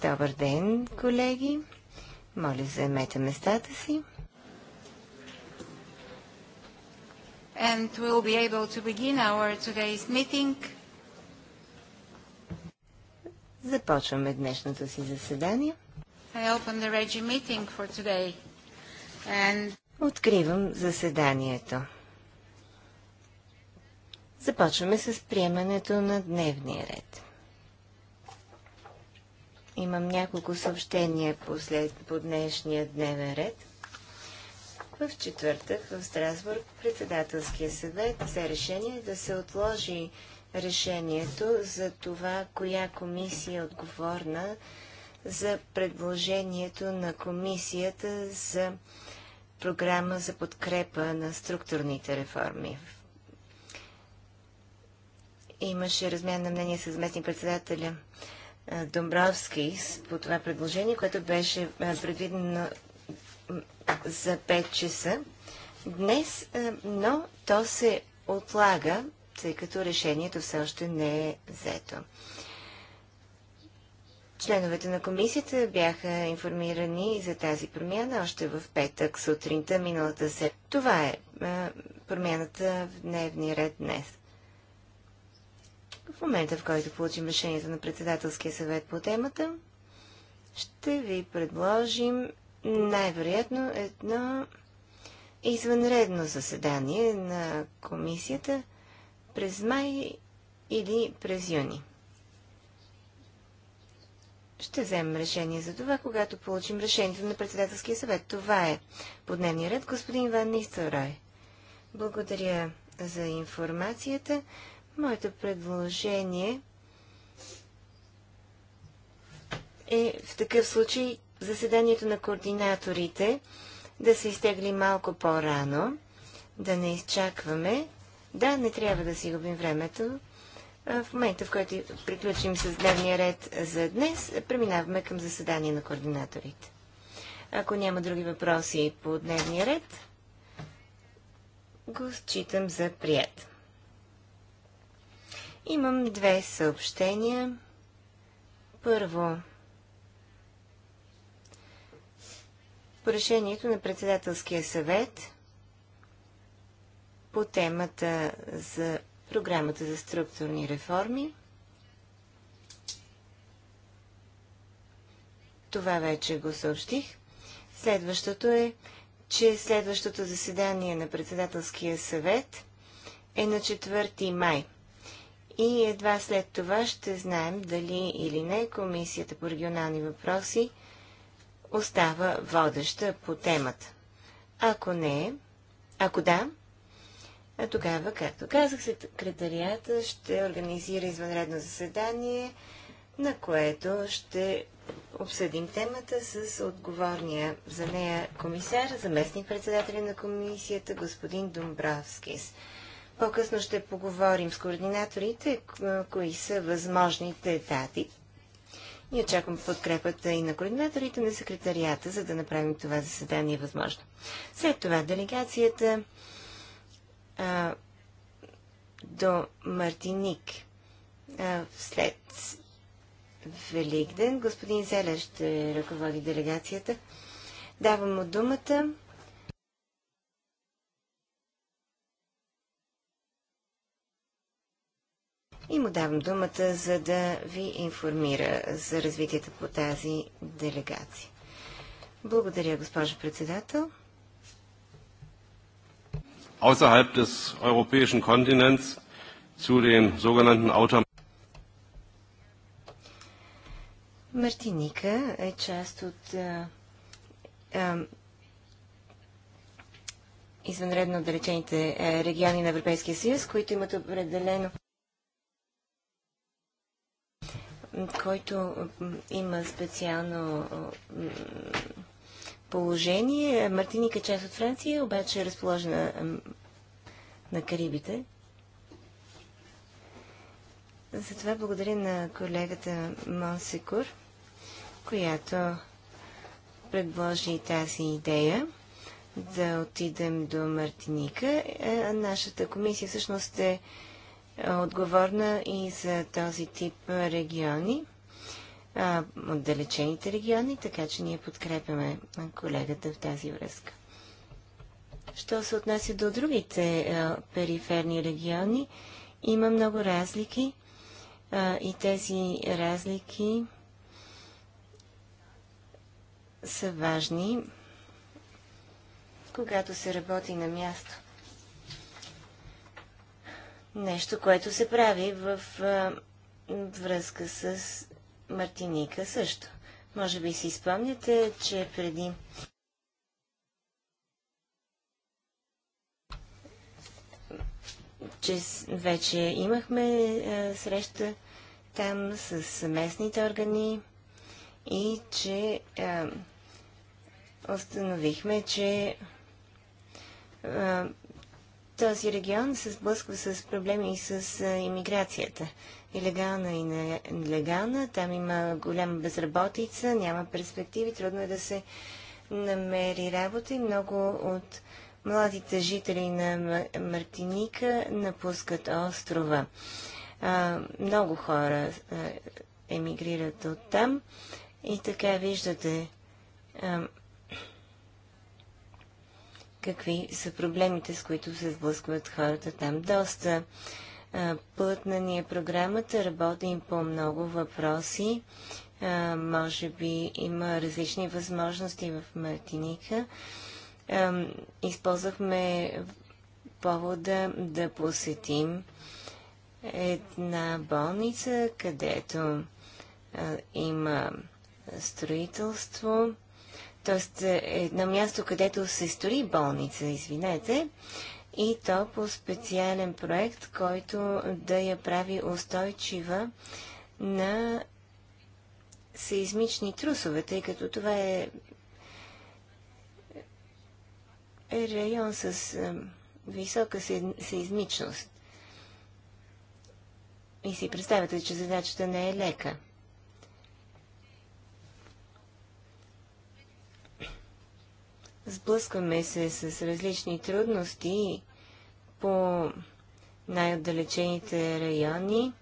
Добър ден, колеги. Моля, заемете местата си. And we'll be able to begin our today's meeting. Започваме днешното си заседание. I open the Regi meeting for today. And... Откривам заседанието. Започваме с приемането на дневния ред. Имам няколко съобщения по, след, по днешния дневен ред. В четвъртък в Страсбург председателския съвет взе решение да се отложи решението за това, коя комисия е отговорна за предложението на комисията за програма за подкрепа на структурните реформи. Имаше размяна на мнение с местни председателя е, Домбровски по това предложение, което беше е, предвидено за 5 часа днес, е, но то се отлага, тъй като решението все още не е взето. Членовете на комисията бяха информирани за тази промяна още в петък сутринта миналата се. Това е промяната в дневния ред днес. В момента, в който получим решението на председателския съвет по темата, ще ви предложим най-вероятно едно извънредно заседание на комисията през май или през юни. Ще вземем решение за това, когато получим решението на председателския съвет. Това е по дневния ред господин Ван Нисторой. Благодаря за информацията. Моето предложение е в такъв случай заседанието на координаторите да се изтегли малко по-рано, да не изчакваме. Да, не трябва да си губим времето. В момента, в който приключим с дневния ред за днес, преминаваме към заседание на координаторите. Ако няма други въпроси по дневния ред, го считам за приятел. Имам две съобщения. Първо, по решението на председателския съвет по темата за програмата за структурни реформи. Това вече го съобщих. Следващото е, че следващото заседание на председателския съвет е на 4 май – и едва след това ще знаем дали или не Комисията по регионални въпроси остава водеща по темата. Ако не, ако да, а тогава, както казах, секретарията ще организира извънредно заседание, на което ще обсъдим темата с отговорния за нея комисар, заместник председателя на комисията, господин Домбравскис. По-късно ще поговорим с координаторите, кои са възможните дати. И очаквам подкрепата и на координаторите на секретарията, за да направим това заседание възможно. След това делегацията а, до Мартиник а, след Великден. Господин Зелер ще ръководи делегацията. Давам му думата. и му давам думата, за да ви информира за развитието по тази делегация. Благодаря, госпожо председател. Außerhalb des europäischen Kontinents zu den sogenannten Autom Мартиника е част от а, а, извънредно отдалечените региони на Европейския съюз, които имат определено който има специално положение. Мартиника е част от Франция, обаче е разположена на Карибите. Затова благодаря на колегата Монсекур, която предложи тази идея да отидем до Мартиника. Е, нашата комисия всъщност е отговорна и за този тип региони, отдалечените региони, така че ние подкрепяме колегата в тази връзка. Що се отнася до другите периферни региони, има много разлики и тези разлики са важни, когато се работи на място. Нещо, което се прави в а, връзка с Мартиника също. Може би си спомняте, че преди че вече имахме а, среща там с местните органи и че а, установихме, че този регион се сблъсква с проблеми и с иммиграцията. легална, и нелегална. Там има голяма безработица, няма перспективи, трудно е да се намери работа и много от младите жители на Мартиника напускат острова. А, много хора а, емигрират от там и така виждате а, какви са проблемите, с които се сблъскват хората там. Доста а, плътна ни е програмата, работим по много въпроси. А, може би има различни възможности в Мартиника. А, използвахме повода да посетим една болница, където има строителство, Тоест, е, е на място, където се стори болница, извинете, и то по специален проект, който да я прави устойчива на сеизмични трусове, тъй като това е, е район с висока сейзмичност. И си представяте, че задачата не е лека. Сблъскваме се с различни трудности по най-отдалечените райони,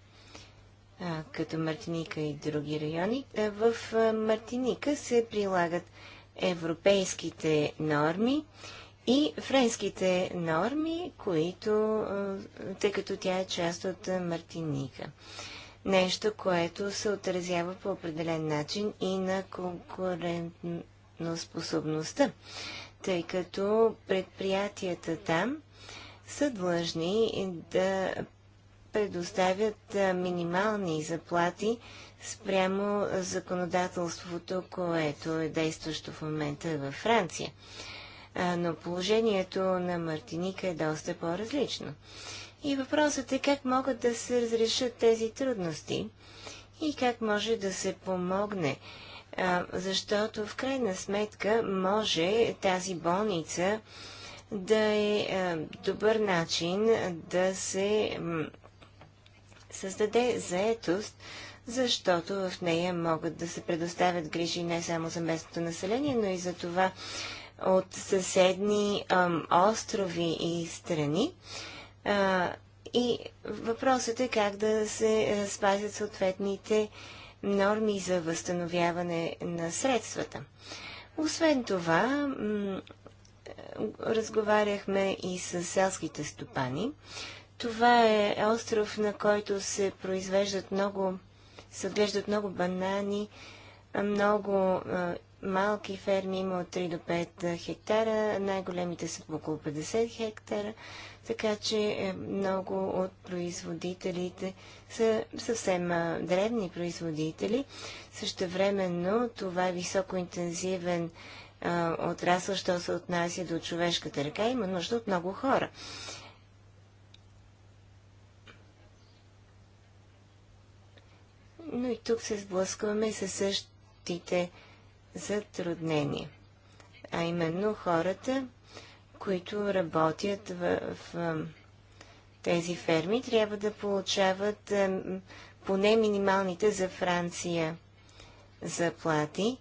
като Мартиника и други райони. В Мартиника се прилагат европейските норми и френските норми, които, тъй като тя е част от Мартиника. Нещо, което се отразява по определен начин и на конкурентността Способността. тъй като предприятията там са длъжни да предоставят минимални заплати спрямо законодателството, което е действащо в момента във Франция. Но положението на Мартиника е доста по-различно. И въпросът е как могат да се разрешат тези трудности и как може да се помогне защото в крайна сметка може тази болница да е добър начин да се създаде заетост, защото в нея могат да се предоставят грижи не само за местното население, но и за това от съседни острови и страни. и въпросът е как да се спазят съответните норми за възстановяване на средствата. Освен това, разговаряхме и с селските стопани. Това е остров, на който се произвеждат много, се отглеждат много банани, много малки ферми, има от 3 до 5 хектара, най-големите са около 50 хектара, така че е, много от производителите са съвсем древни производители. Същевременно това е високоинтензивен отрасъл, що се отнася до човешката ръка, има нужда от много хора. Но и тук се сблъскваме със същите затруднения. А именно хората, които работят в, в, в тези ферми трябва да получават поне минималните за Франция заплати,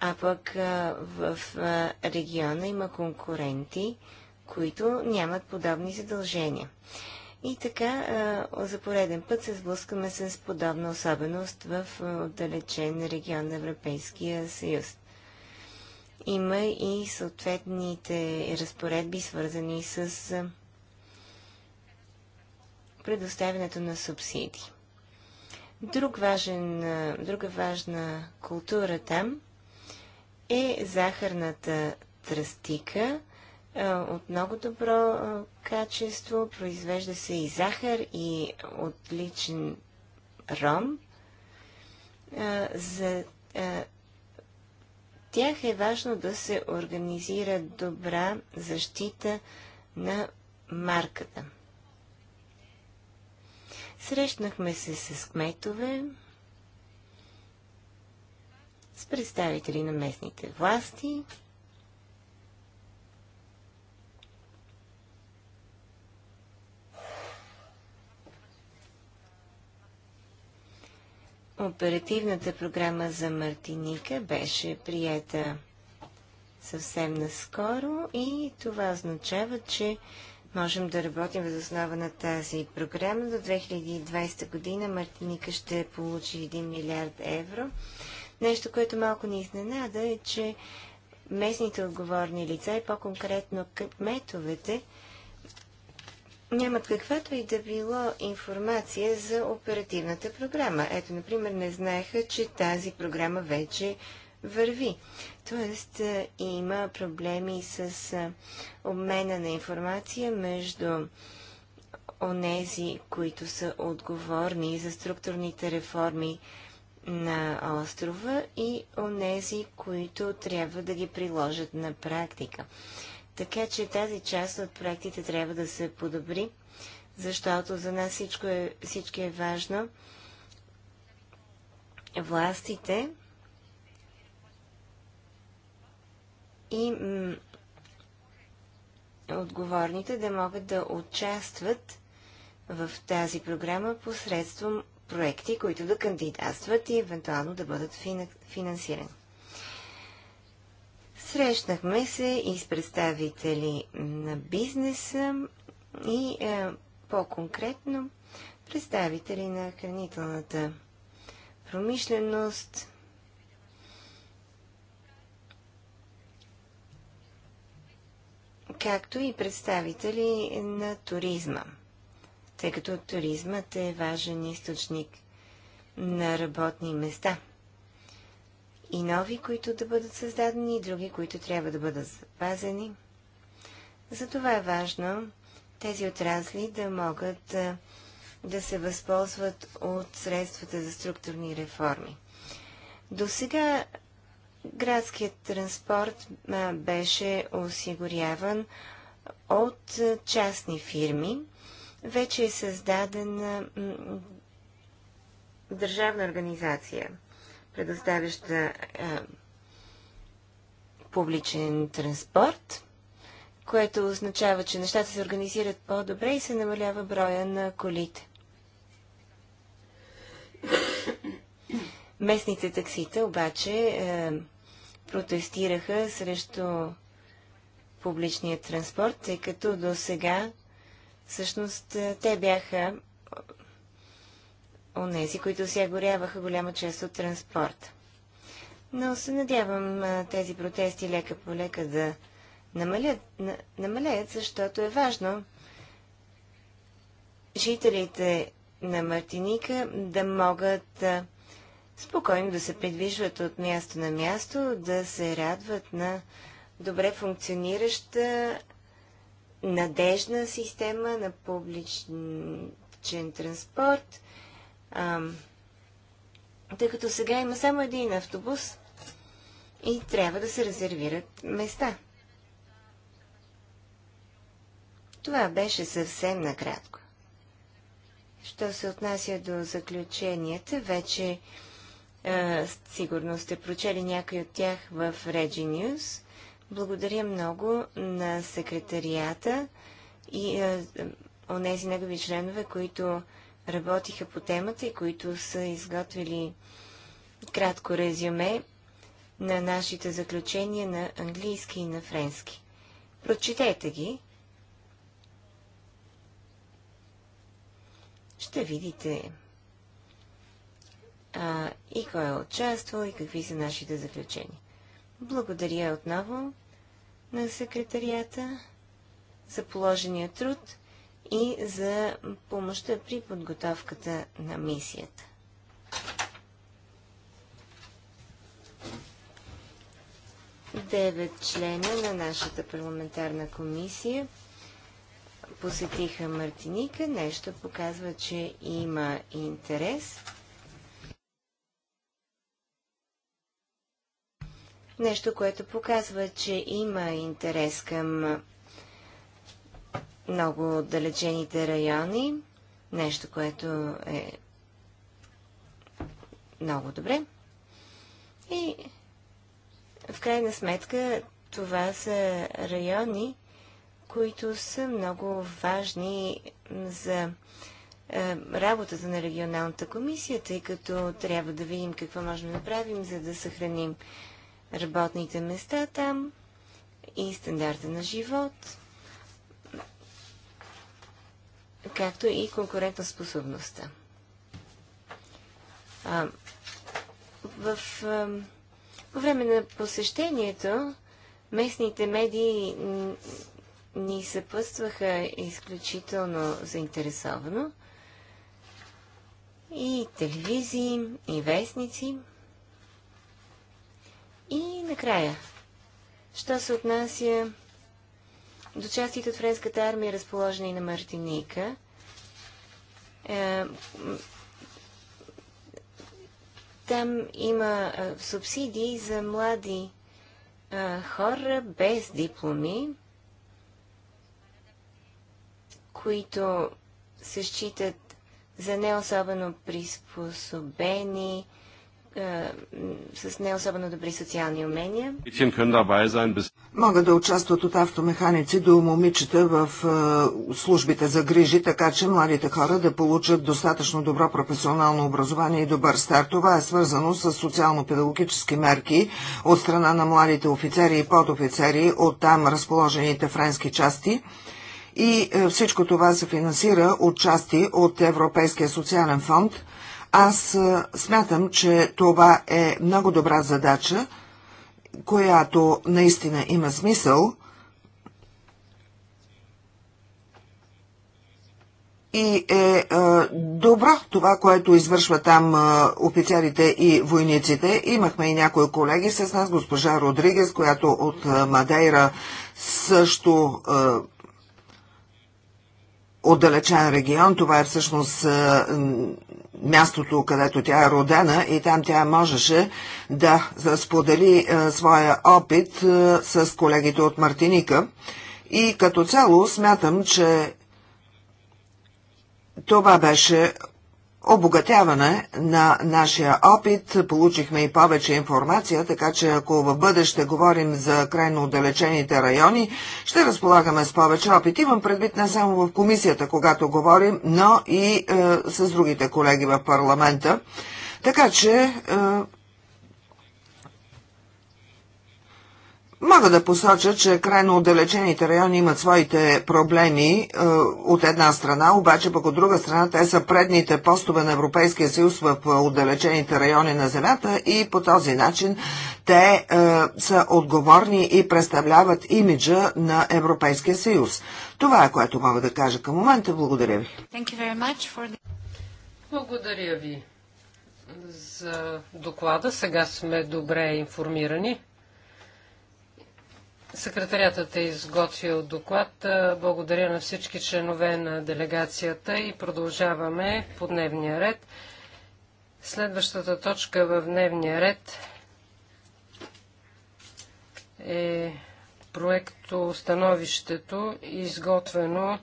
а пък е, в е, региона има конкуренти, които нямат подобни задължения. И така е, за пореден път се сблъскаме с подобна особеност в отдалечен регион на Европейския съюз. Има и съответните разпоредби, свързани с предоставянето на субсидии. Друг важен, друга важна култура там е захарната тръстика от много добро качество. Произвежда се и захар, и отличен ром. За тях е важно да се организира добра защита на марката. Срещнахме се с кметове, с представители на местните власти, Оперативната програма за Мартиника беше приета съвсем наскоро и това означава, че можем да работим въз основа на тази програма. До 2020 година Мартиника ще получи 1 милиард евро. Нещо, което малко ни изненада е, че местните отговорни лица и по-конкретно кметовете нямат каквато и да било информация за оперативната програма. Ето, например, не знаеха, че тази програма вече върви. Тоест е, има проблеми с е, обмена на информация между онези, които са отговорни за структурните реформи на острова и онези, които трябва да ги приложат на практика. Така че тази част от проектите трябва да се подобри, защото за нас всичко е, всичко е важно. Властите и отговорните да могат да участват в тази програма посредством проекти, които да кандидатстват и евентуално да бъдат финансирани. Срещнахме се и с представители на бизнеса и е, по-конкретно представители на хранителната промишленост, както и представители на туризма, тъй като туризмът е важен източник на работни места. И нови, които да бъдат създадени, и други, които трябва да бъдат запазени. Затова е важно тези отрасли да могат да се възползват от средствата за структурни реформи. До сега Градският транспорт беше осигуряван от частни фирми. Вече е създадена държавна организация, предоставяща публичен транспорт, което означава, че нещата се организират по-добре и се намалява броя на колите. Местните таксита обаче е, протестираха срещу публичния транспорт, тъй като до сега всъщност е, те бяха онези, които сега горяваха голяма част от транспорт. Но се надявам е, тези протести лека по лека да намалят, на, намалят, защото е важно жителите на Мартиника да могат да е, спокойно да се придвижват от място на място, да се радват на добре функционираща, надежна система на публичен транспорт, а, тъй като сега има само един автобус и трябва да се резервират места. Това беше съвсем накратко. Що се отнася до заключенията, вече е, сигурно сте прочели някой от тях в Regi News. Благодаря много на секретарията и е, онези негови членове, които работиха по темата и които са изготвили кратко резюме на нашите заключения на английски и на френски. Прочетете ги. Ще видите а, и кой е участвал и какви са нашите заключения. Благодаря отново на секретарията за положения труд и за помощта при подготовката на мисията. Девет члена на нашата парламентарна комисия посетиха Мартиника. Нещо показва, че има интерес. Нещо, което показва, че има интерес към много отдалечените райони. Нещо, което е много добре. И в крайна сметка това са райони, които са много важни за е, работата на регионалната комисия, тъй като трябва да видим какво можем да направим, за да съхраним работните места там и стандарта на живот, както и конкурентоспособността. А, в, а, по време на посещението местните медии ни съпътстваха изключително заинтересовано. И телевизии, и вестници – и накрая, що се отнася до частите от френската армия, разположени на Мартиника, е, там има е, субсидии за млади е, хора без дипломи, които се считат за не особено приспособени е, с не особено добри социални умения. Могат да участват от автомеханици до момичета в е, службите за грижи, така че младите хора да получат достатъчно добро професионално образование и добър старт. Това е свързано с социално-педагогически мерки от страна на младите офицери и подофицери от там разположените френски части и е, всичко това се финансира от части от Европейския социален фонд аз смятам, че това е много добра задача, която наистина има смисъл и е, е добро това, което извършва там е, офицерите и войниците. Имахме и някои колеги с нас, госпожа Родригес, която от е, Мадейра също отдалечен регион. Това е всъщност мястото, където тя е родена и там тя можеше да сподели е, своя опит е, с колегите от Мартиника. И като цяло смятам, че това беше обогатяване на нашия опит. Получихме и повече информация, така че ако в бъдеще говорим за крайно отдалечените райони, ще разполагаме с повече опит. Имам предвид не само в комисията, когато говорим, но и е, с другите колеги в парламента. Така че е, Мога да посоча, че крайно отдалечените райони имат своите проблеми е, от една страна, обаче пък от друга страна те са предните постове на Европейския съюз в отдалечените райони на Земята и по този начин те е, са отговорни и представляват имиджа на Европейския съюз. Това е което мога да кажа към момента. Благодаря ви. Благодаря ви за доклада. Сега сме добре информирани. Секретариатът е изготвил доклад. Е, Благодаря на всички членове на делегацията и продължаваме по дневния ред. Следващата точка в дневния ред е проекто становището, изготвено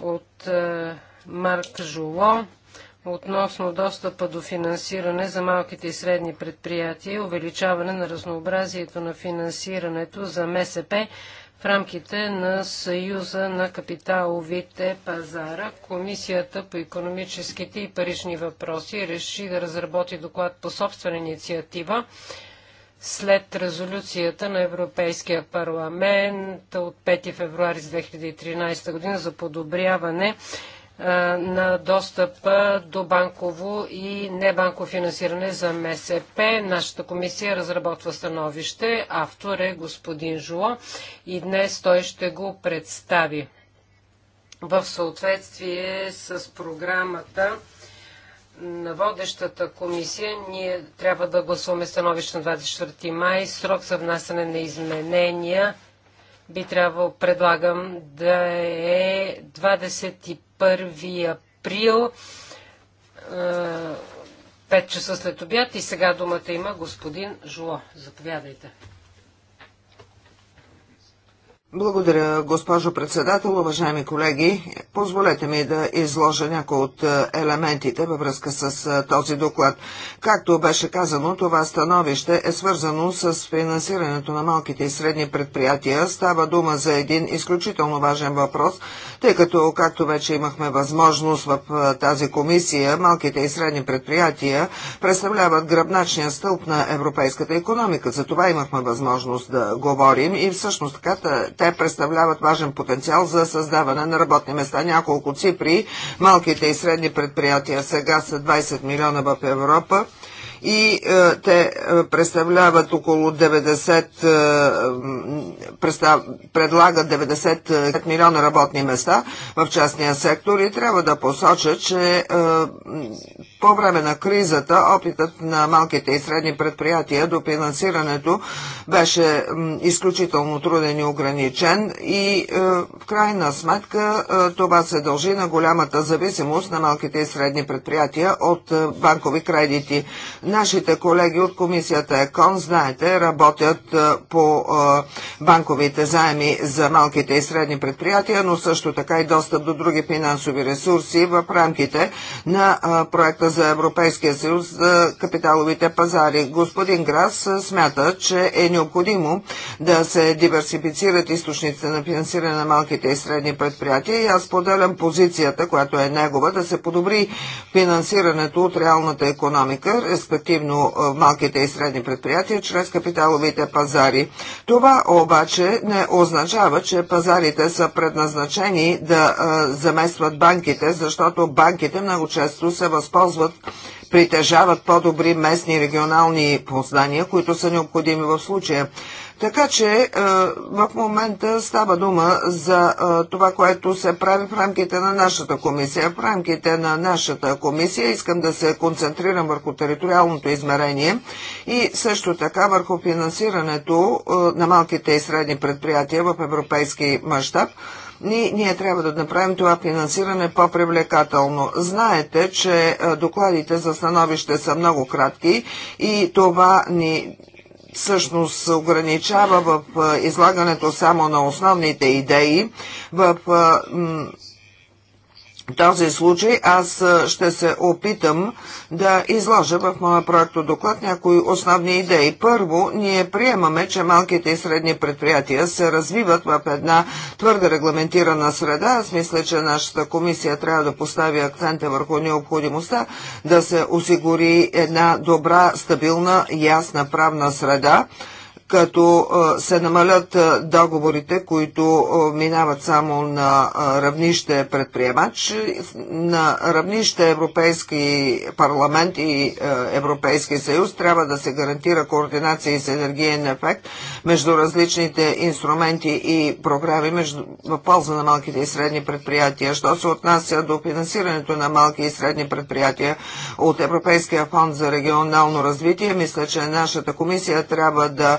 от е, Марк Жоло относно достъпа до финансиране за малките и средни предприятия и увеличаване на разнообразието на финансирането за МСП в рамките на Съюза на капиталовите пазара. Комисията по економическите и парични въпроси реши да разработи доклад по собствена инициатива след резолюцията на Европейския парламент от 5 февруари 2013 година за подобряване е, на достъпа до банково и небанково финансиране за МСП. Нашата комисия разработва становище. Автор е господин Жуло и днес той ще го представи в съответствие с програмата на водещата комисия. Ние трябва да гласуваме становище на 24 май. Срок за внасяне на изменения би трябвало, предлагам, да е 25 1 април, 5 е, часа след обяд. И сега думата има господин Жуло. Заповядайте. Благодаря, госпожо председател, уважаеми колеги. Позволете ми да изложа някои от е, елементите във връзка с е, този доклад. Както беше казано, това становище е свързано с финансирането на малките и средни предприятия. Става дума за един изключително важен въпрос, тъй като, както вече имахме възможност в е, тази комисия, малките и средни предприятия представляват гръбначния стълб на европейската економика. За това имахме възможност да говорим и всъщност така те представляват важен потенциал за създаване на работни места. Няколко цифри, малките и средни предприятия сега са 20 милиона в Европа и е, те е, представляват около 90, е, представ, предлагат 90 е, милиона работни места в частния сектор и трябва да посоча, че е, по време на кризата опитът на малките и средни предприятия до финансирането беше изключително труден и ограничен и е, в крайна сметка е, това се дължи на голямата зависимост на малките и средни предприятия от е, банкови кредити. Нашите колеги от комисията ЕКОН, знаете, работят по банковите заеми за малките и средни предприятия, но също така и достъп до други финансови ресурси в рамките на проекта за Европейския съюз за капиталовите пазари. Господин Грас смята, че е необходимо да се диверсифицират източниците на финансиране на малките и средни предприятия и аз поделям позицията, която е негова, да се подобри финансирането от реалната економика, респективно е, малките и средни предприятия, чрез капиталовите пазари. Това обаче не означава, че пазарите са предназначени да е, заместват банките, защото банките много често се възползват използват, притежават по-добри местни и регионални познания, които са необходими в случая. Така че е, в момента става дума за е, това, което се прави в рамките на нашата комисия. В рамките на нашата комисия искам да се концентрирам върху териториалното измерение и също така върху финансирането е, на малките и средни предприятия в европейски мащаб. Ние, ние трябва да направим това финансиране по-привлекателно. Знаете, че докладите за становище са много кратки и това ни всъщност ограничава в излагането само на основните идеи. В този случай аз ще се опитам да изложа в моя проекто доклад някои основни идеи. Първо, ние приемаме, че малките и средни предприятия се развиват в една твърде регламентирана среда. Аз мисля, че нашата комисия трябва да постави акцента върху необходимостта да се осигури една добра, стабилна, ясна правна среда като се намалят договорите, които минават само на равнище предприемач, на равнище Европейски парламент и Европейски съюз трябва да се гарантира координация и синергиен ефект между различните инструменти и програми между, в полза на малките и средни предприятия. Що се отнася до финансирането на малки и средни предприятия от Европейския фонд за регионално развитие, мисля, че нашата комисия трябва да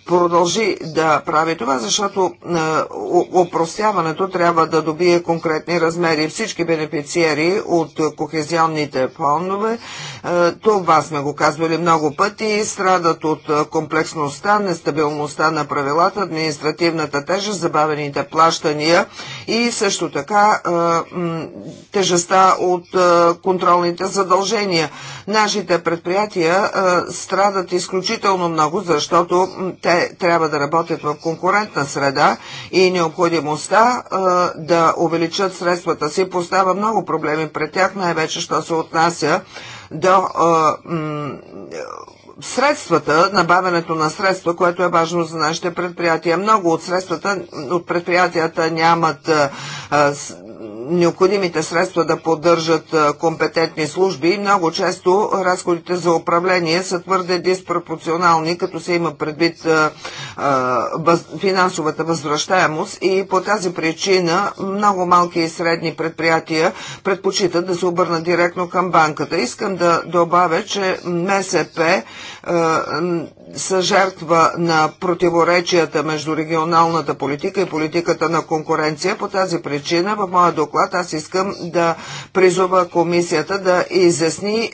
продължи да прави това, защото опростяването е, трябва да добие конкретни размери. Всички бенефициери от кохезионните фондове, е, това сме го казвали много пъти, страдат от комплексността, нестабилността на правилата, административната тежест, забавените плащания и също така е, тежестта от контролните задължения. Нашите предприятия страдат изключително много, защото те трябва да работят в конкурентна среда и необходимостта да увеличат средствата си поставя много проблеми пред тях, най-вече що се отнася до средствата, набавянето на средства, което е важно за нашите предприятия. Много от средствата от предприятията нямат необходимите средства да поддържат компетентни служби и много често разходите за управление са твърде диспропорционални, като се има предвид финансовата възвръщаемост и по тази причина много малки и средни предприятия предпочитат да се обърнат директно към банката. Искам да добавя, че МСП са жертва на противоречията между регионалната политика и политиката на конкуренция. По тази причина в моя доклад аз искам да призова комисията да изясни е,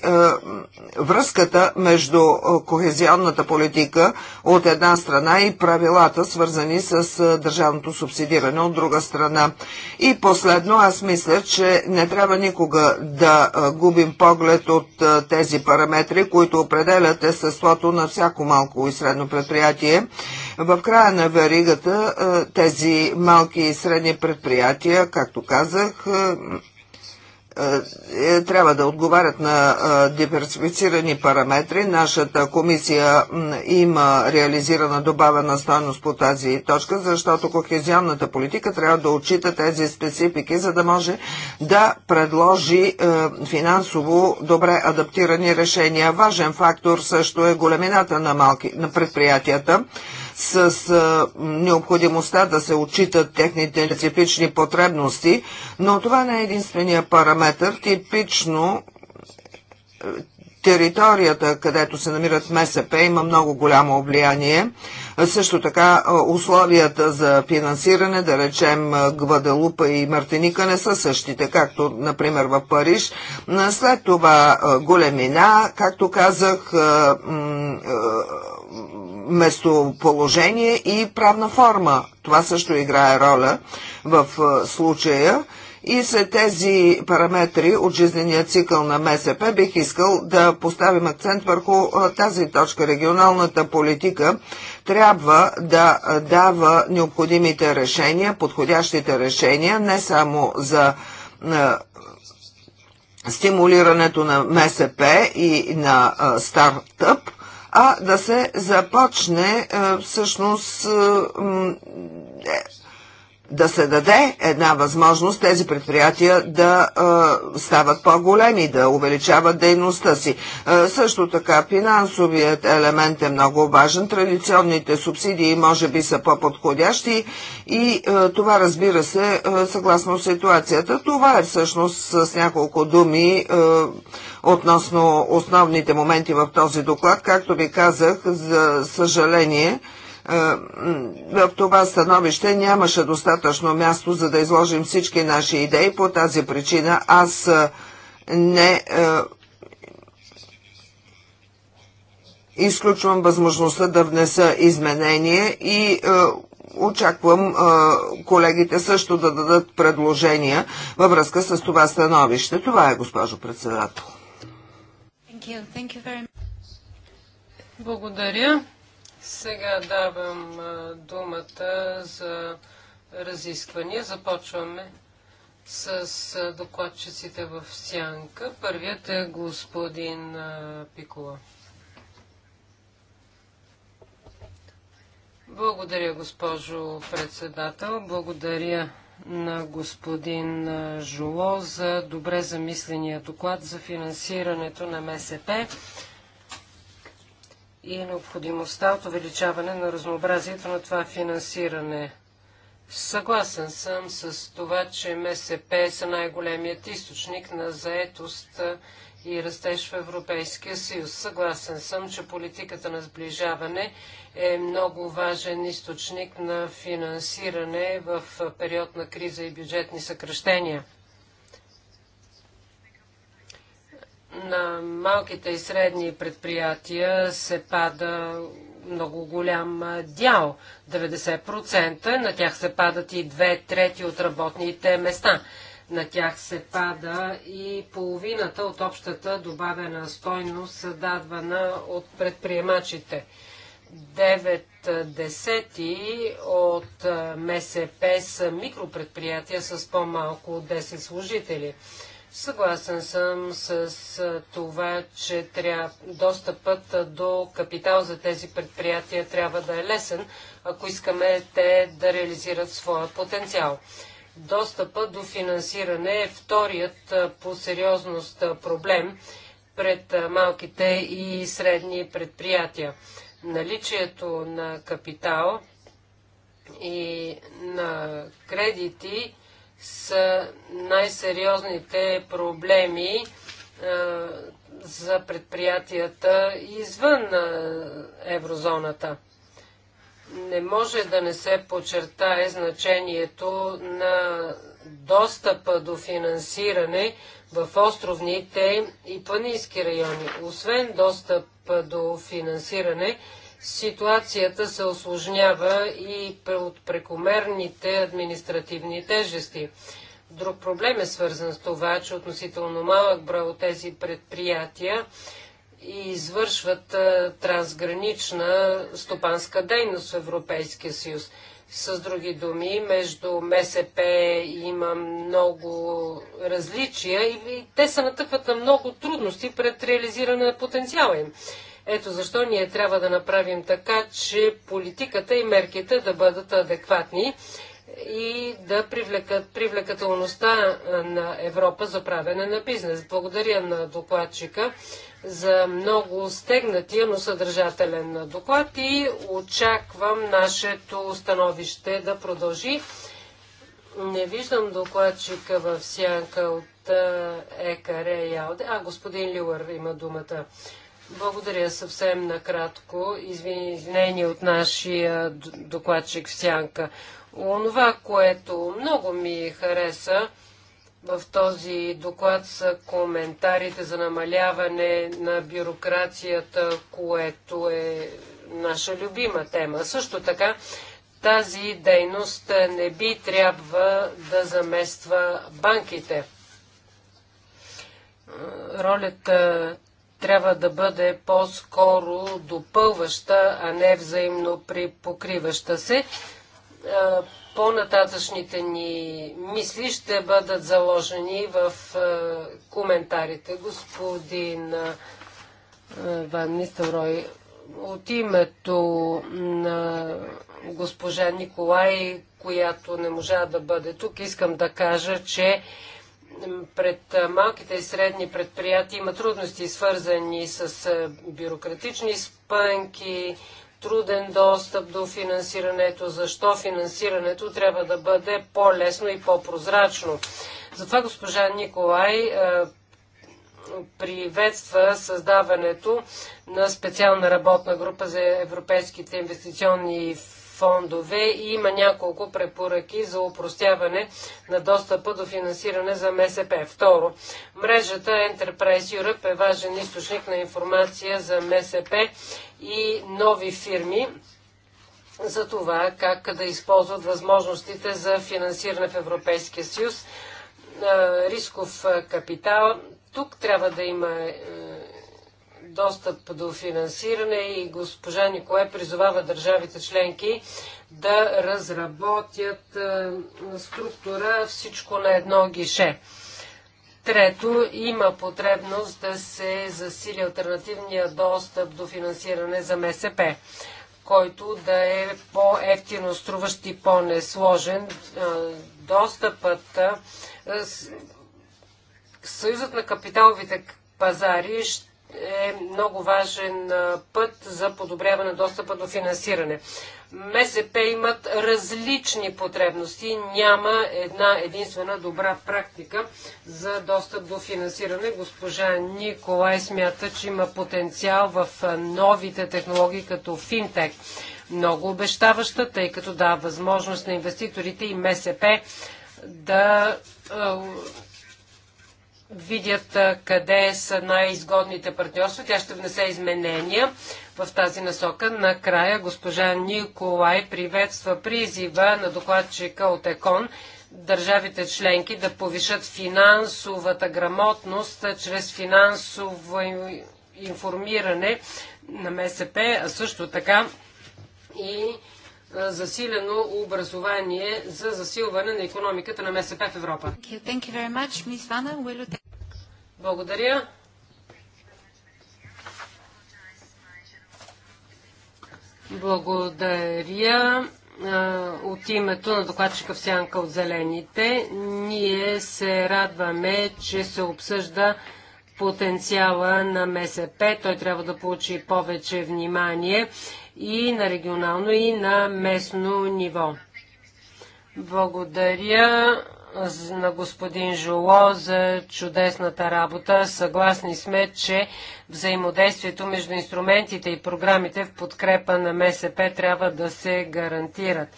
връзката между е, кохезионната политика от една страна и правилата, свързани с е, държавното субсидиране от друга страна. И последно, аз мисля, че не трябва никога да е, губим поглед от тези параметри, които определят естеството на всяко малко малко и средно предприятие. В края на веригата тези малки и средни предприятия, както казах, е, трябва да отговарят на е, диверсифицирани параметри. Нашата комисия има реализирана добавена стойност по тази точка, защото кохезионната политика трябва да отчита тези специфики, за да може да предложи е, финансово добре адаптирани решения. Важен фактор също е големината на, малки, на предприятията с а, необходимостта да се отчитат техните специфични потребности, но това не е единствения параметр. Типично територията, където се намират МСП, има много голямо влияние. Също така условията за финансиране, да речем Гваделупа и Мартиника не са същите, както например в Париж. След това големина, както казах, местоположение и правна форма. Това също играе роля в е, случая. И след тези параметри от жизнения цикъл на МСП бих искал да поставим акцент върху е, тази точка. Регионалната политика трябва да дава необходимите решения, подходящите решения, не само за е, стимулирането на МСП и на стартъп, а да се започне е, всъщност е, е, да се даде една възможност тези предприятия да а, стават по-големи, да увеличават дейността си. А, също така финансовият елемент е много важен. Традиционните субсидии може би са по-подходящи и а, това разбира се а, съгласно ситуацията. Това е всъщност с няколко думи. а, относно основните моменти в този доклад. Както ви казах, за съжаление, в е, това становище нямаше достатъчно място, за да изложим всички наши идеи. По тази причина аз е, не е, изключвам възможността да внеса изменение и очаквам колегите също да дадат предложения във връзка с това становище. Това е, госпожо председател. Благодаря. Сега давам думата за разисквания. Започваме с докладчиците в сянка. Първият е господин Пикола. Благодаря, госпожо председател. Благодаря на господин Жоло за добре замисления доклад за финансирането на МСП и необходимостта от увеличаване на разнообразието на това финансиране. Съгласен съм с това, че МСП са най-големият източник на заетост и растеж в Европейския съюз. Съгласен съм, че политиката на сближаване е много важен източник на финансиране в период на криза и бюджетни съкръщения. на малките и средни предприятия се пада много голям дял 90%. На тях се падат и две трети от работните места. На тях се пада и половината от общата добавена стойност, дадвана от предприемачите. 9 десети от МСП са микропредприятия с по-малко от 10 служители. Съгласен съм с това, че трябва, достъпът до капитал за тези предприятия трябва да е лесен, ако искаме те да реализират своя потенциал. Достъпът до финансиране е вторият по сериозност проблем пред малките и средни предприятия. Наличието на капитал и на кредити са най-сериозните проблеми за предприятията извън еврозоната. Не може да не се подчертае значението на достъпа до финансиране в островните и планински райони. Освен достъп до финансиране, ситуацията се осложнява и от прекомерните административни тежести. Друг проблем е свързан с това, че относително малък брой от тези предприятия и извършват а, трансгранична стопанска дейност в Европейския съюз. С други думи, между МСП има много различия и, и те се натъкват на много трудности пред реализиране на потенциала им. Ето защо ние трябва да направим така, че политиката и мерките да бъдат адекватни и да привлекат привлекателността на Европа за правене на бизнес. Благодаря на докладчика за много стегнатия, но съдържателен доклад и очаквам нашето становище да продължи. Не виждам докладчика в сянка от ЕКР и АОД. А, господин Люър има думата. Благодаря съвсем накратко. Извинение от нашия докладчик в сянка. Онова, което много ми хареса в този доклад са коментарите за намаляване на бюрокрацията, което е наша любима тема. Също така, тази дейност не би трябва да замества банките ролята трябва да бъде по-скоро допълваща, а не взаимно припокриваща се. По-нататъчните ни мисли ще бъдат заложени в коментарите. Господин Ван Нистелрой, от името на госпожа Николай, която не можа да бъде тук, искам да кажа, че пред малките и средни предприятия има трудности, свързани с бюрократични спънки, труден достъп до финансирането, защо финансирането трябва да бъде по-лесно и по-прозрачно. Затова госпожа Николай приветства създаването на специална работна група за европейските инвестиционни фондове и има няколко препоръки за упростяване на достъпа до финансиране за МСП. Второ, мрежата Enterprise Europe е важен източник на информация за МСП и нови фирми за това как да използват възможностите за финансиране в Европейския съюз, рисков капитал. Тук трябва да има е, достъп до финансиране и госпожа Никое призовава държавите членки да разработят е, структура всичко на едно гише. Трето, има потребност да се засили альтернативния достъп до финансиране за МСП, който да е по-ефтино струващ и по-несложен. Е, достъпът е, Съюзът на капиталовите пазари ще е много важен път за подобряване на достъпа до финансиране. МСП имат различни потребности, няма една единствена добра практика за достъп до финансиране. Госпожа Николай смята, че има потенциал в новите технологии като финтек. Много обещаваща, тъй като дава възможност на инвеститорите и МСП да видят къде са най-изгодните партньорства. Тя ще внесе изменения в тази насока. Накрая госпожа Николай приветства призива на докладчика от ЕКОН държавите членки да повишат финансовата грамотност чрез финансово информиране на МСП, а също така и засилено образование за засилване на економиката на МСП в Европа. Благодаря. Благодаря от името на докладчика в Сянка от Зелените. Ние се радваме, че се обсъжда потенциала на МСП. Той трябва да получи повече внимание и на регионално, и на местно ниво. Благодаря на господин Жоло за чудесната работа. Съгласни сме, че взаимодействието между инструментите и програмите в подкрепа на МСП трябва да се гарантират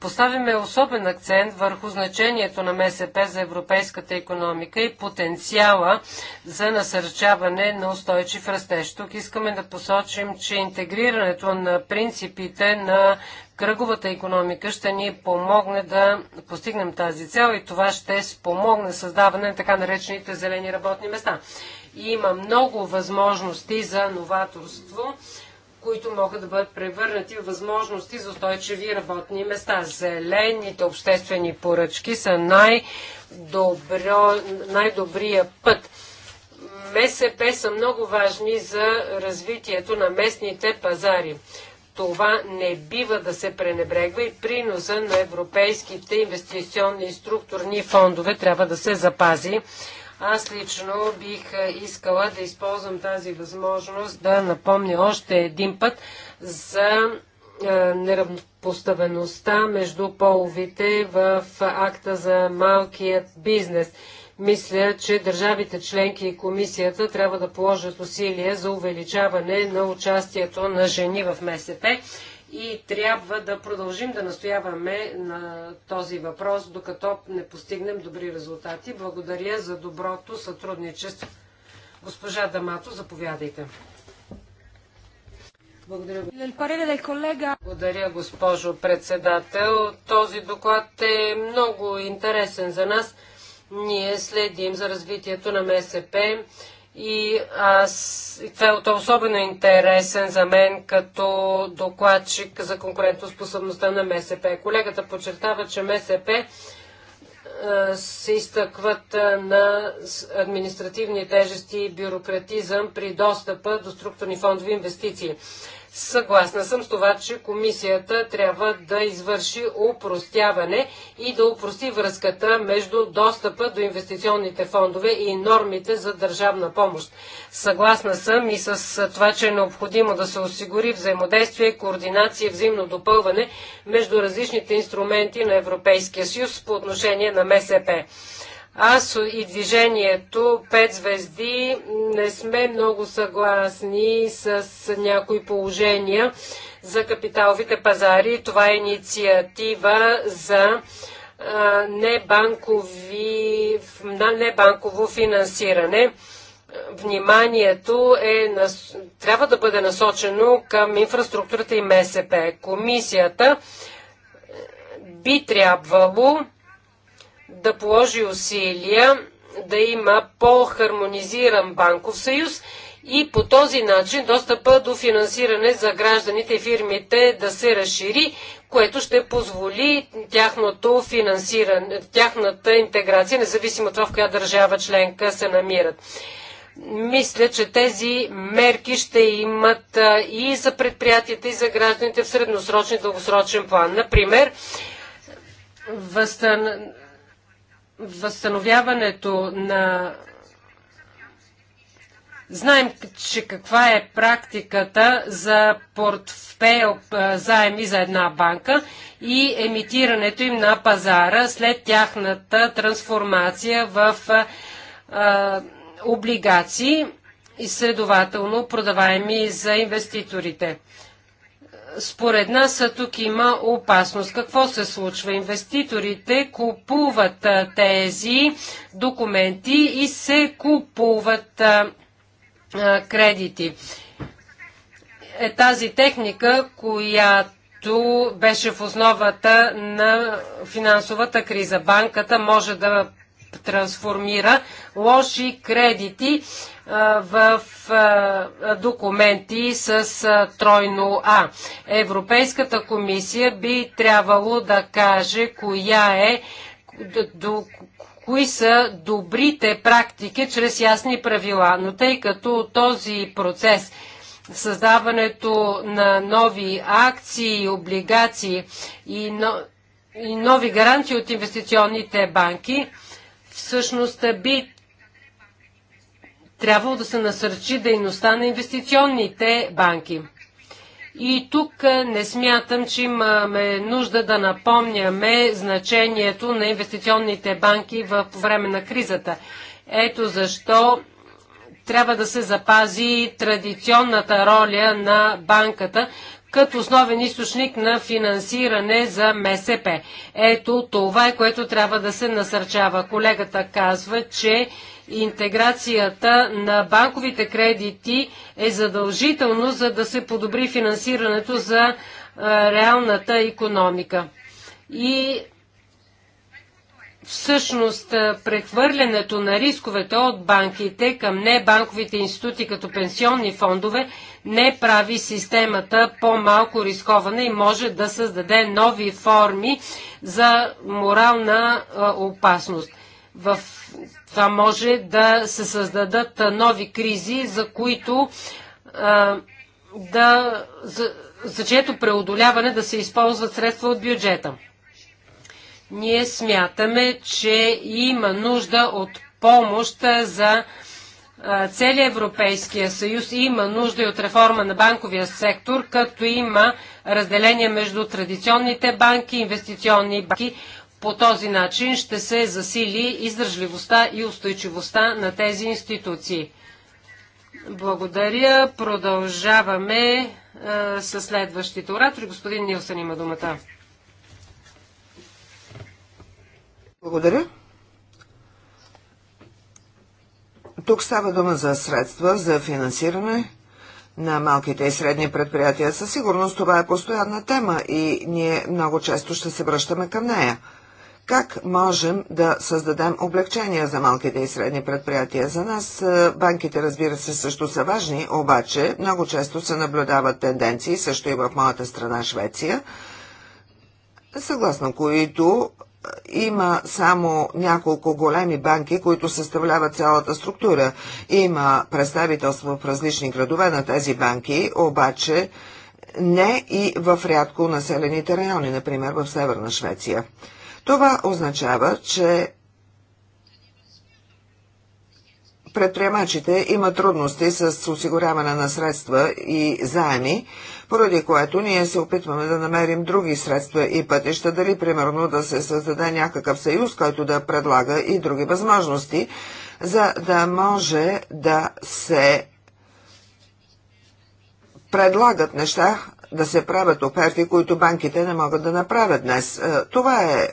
поставяме особен акцент върху значението на МСП за европейската економика и потенциала за насърчаване на устойчив растеж. Тук искаме да посочим, че интегрирането на принципите на кръговата економика ще ни помогне да постигнем тази цел и това ще спомогне създаване на така наречените зелени работни места. И има много възможности за новаторство които могат да бъдат превърнати в възможности за устойчиви работни места. Зелените обществени поръчки са най-добро, най-добрия път. МСП са много важни за развитието на местните пазари. Това не бива да се пренебрегва и приноса на европейските инвестиционни и структурни фондове трябва да се запази аз лично бих искала да използвам тази възможност да напомня още един път за неравнопоставеността между половите в акта за малкият бизнес. Мисля, че държавите членки и комисията трябва да положат усилия за увеличаване на участието на жени в МСП и трябва да продължим да настояваме на този въпрос, докато не постигнем добри резултати. Благодаря за доброто сътрудничество. Госпожа Дамато, заповядайте. Благодаря. Благодаря, госпожо председател. Този доклад е много интересен за нас. Ние следим за развитието на МСП и аз, и това е особено интересен за мен като докладчик за конкурентоспособността на МСП. Колегата подчертава, че МСП се изтъкват на административни тежести и бюрократизъм при достъпа до структурни фондови инвестиции. Съгласна съм с това, че комисията трябва да извърши упростяване и да упрости връзката между достъпа до инвестиционните фондове и нормите за държавна помощ. Съгласна съм и с това, че е необходимо да се осигури взаимодействие, координация и взаимно допълване между различните инструменти на Европейския съюз по отношение на МСП. Аз и движението пет звезди не сме много съгласни с някои положения за капиталовите пазари. Това е инициатива за небанкови, небанково финансиране. Вниманието е, трябва да бъде насочено към инфраструктурата и МСП. Комисията би трябвало да положи усилия да има по-хармонизиран банков съюз и по този начин достъпа до финансиране за гражданите и фирмите да се разшири, което ще позволи тяхното финансиране, тяхната интеграция, независимо от това в коя държава членка се намират. Мисля, че тези мерки ще имат и за предприятията, и за гражданите в средносрочен и дългосрочен план. Например, възстан възстановяването на Знаем, че каква е практиката за портфейл заеми за една банка и емитирането им на пазара след тяхната трансформация в а, облигации и следователно продаваеми за инвеститорите според нас тук има опасност. Какво се случва? Инвеститорите купуват тези документи и се купуват кредити. Е, тази техника, която беше в основата на финансовата криза. Банката може да трансформира лоши кредити в документи с тройно А. Европейската комисия би трябвало да каже коя е до кои са добрите практики чрез ясни правила. Но тъй като този процес създаването на нови акции, облигации и, но, и нови гарантии от инвестиционните банки, всъщност би трябвало да се насърчи дейността на инвестиционните банки. И тук не смятам, че имаме нужда да напомняме значението на инвестиционните банки в време на кризата. Ето защо трябва да се запази традиционната роля на банката като основен източник на финансиране за МСП. Ето това е което трябва да се насърчава. Колегата казва, че интеграцията на банковите кредити е задължително, за да се подобри финансирането за реалната економика. И всъщност прехвърлянето на рисковете от банките към небанковите институти като пенсионни фондове не прави системата по-малко рискована и може да създаде нови форми за морална опасност. В това може да се създадат нови кризи, за които да, за, за чието преодоляване да се използват средства от бюджета. Ние смятаме, че има нужда от помощ за целият Европейския съюз има нужда и от реформа на банковия сектор, като има разделение между традиционните банки и инвестиционни банки. По този начин ще се засили издържливостта и устойчивостта на тези институции. Благодаря. Продължаваме е, с следващите оратори. Господин Нилсен има думата. Благодаря. Тук става дума за средства за финансиране на малките и средни предприятия. Със сигурност това е постоянна тема и ние много често ще се връщаме към нея. Как можем да създадем облегчения за малките и средни предприятия? За нас е, банките, разбира се, също са важни, обаче много често се наблюдават тенденции, също и в моята страна Швеция, съгласно които има само няколко големи банки, които съставляват цялата структура. Има представителство в различни градове на тези банки, обаче не и в рядко населените райони, например в Северна Швеция. Това означава, че предприемачите имат трудности с осигуряване на средства и заеми, поради което ние се опитваме да намерим други средства и пътища, дали примерно да се създаде някакъв съюз, който да предлага и други възможности, за да може да се предлагат неща, да се правят оферти, които банките не могат да направят днес. Е, това е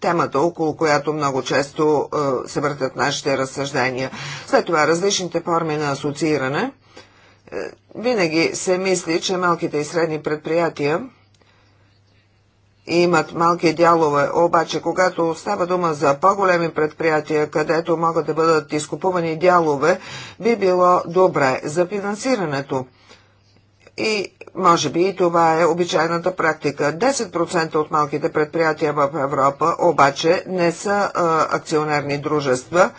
темата, около която много често е, се въртят нашите разсъждения. След това различните форми на асоцииране – винаги се мисли, че малките и средни предприятия имат малки дялове, обаче когато става дума за по-големи предприятия, където могат да бъдат изкупувани дялове, би било добре за финансирането. И може би и това е обичайната практика. 10% от малките предприятия в Европа обаче не са а, акционерни дружества,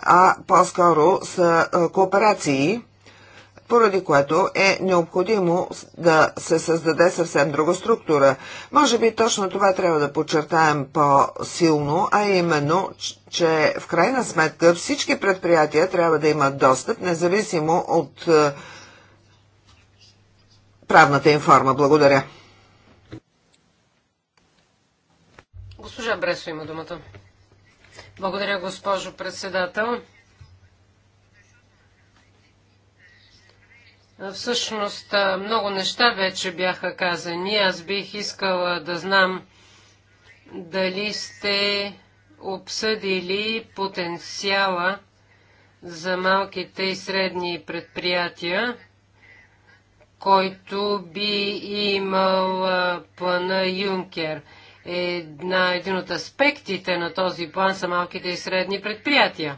а по-скоро са а, кооперации поради което е необходимо да се създаде съвсем друга структура. Може би точно това трябва да подчертаем по-силно, а именно, че в крайна сметка всички предприятия трябва да имат достъп, независимо от е, правната им форма. Благодаря. Госпожа Бресо има думата. Благодаря, госпожо председател. Всъщност много неща вече бяха казани. Аз бих искала да знам дали сте обсъдили потенциала за малките и средни предприятия, който би имал плана Юнкер. Една, един от аспектите на този план са малките и средни предприятия.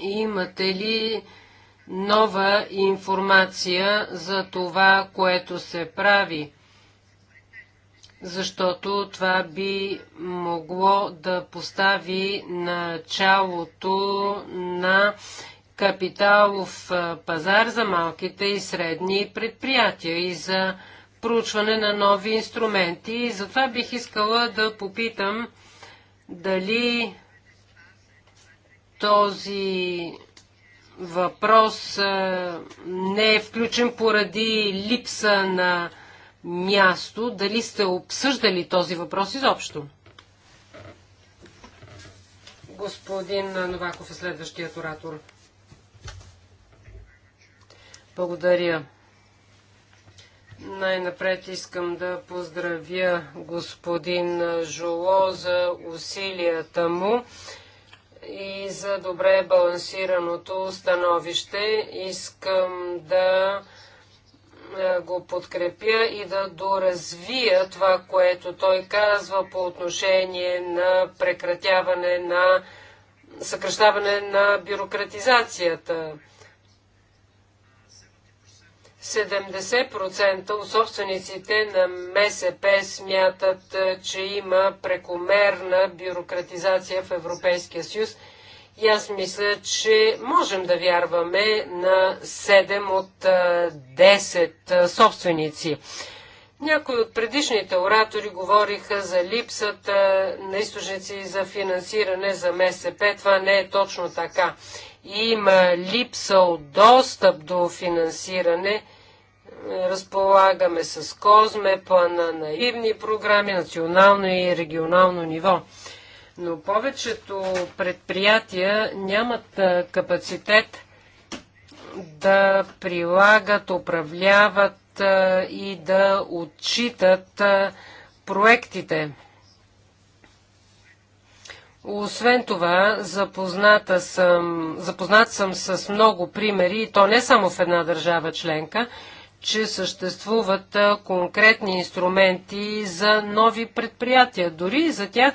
Имате ли нова информация за това, което се прави, защото това би могло да постави началото на капиталов пазар за малките и средни предприятия и за проучване на нови инструменти. И затова бих искала да попитам дали този въпрос не е включен поради липса на място. Дали сте обсъждали този въпрос изобщо? Господин Новаков е следващият оратор. Благодаря. Най-напред искам да поздравя господин Жоло за усилията му и за добре балансираното становище. Искам да е, го подкрепя и да доразвия това, което той казва по отношение на прекратяване на съкръщаване на бюрократизацията. 70% от собствениците на МСП смятат, е, че има прекомерна бюрократизация в Европейския съюз. И аз мисля, че можем да вярваме на 7 от 10 е, е, собственици. Някои от предишните оратори говориха за липсата на източници за финансиране за МСП. Това не е точно така. Има липса от достъп до финансиране разполагаме с Козме, плана на ивни програми, национално и регионално ниво. Но повечето предприятия нямат капацитет да прилагат, управляват и да отчитат проектите. Освен това, запозната съм, запознат съм с много примери, и то не само в една държава членка, че съществуват конкретни инструменти за нови предприятия. Дори и за тях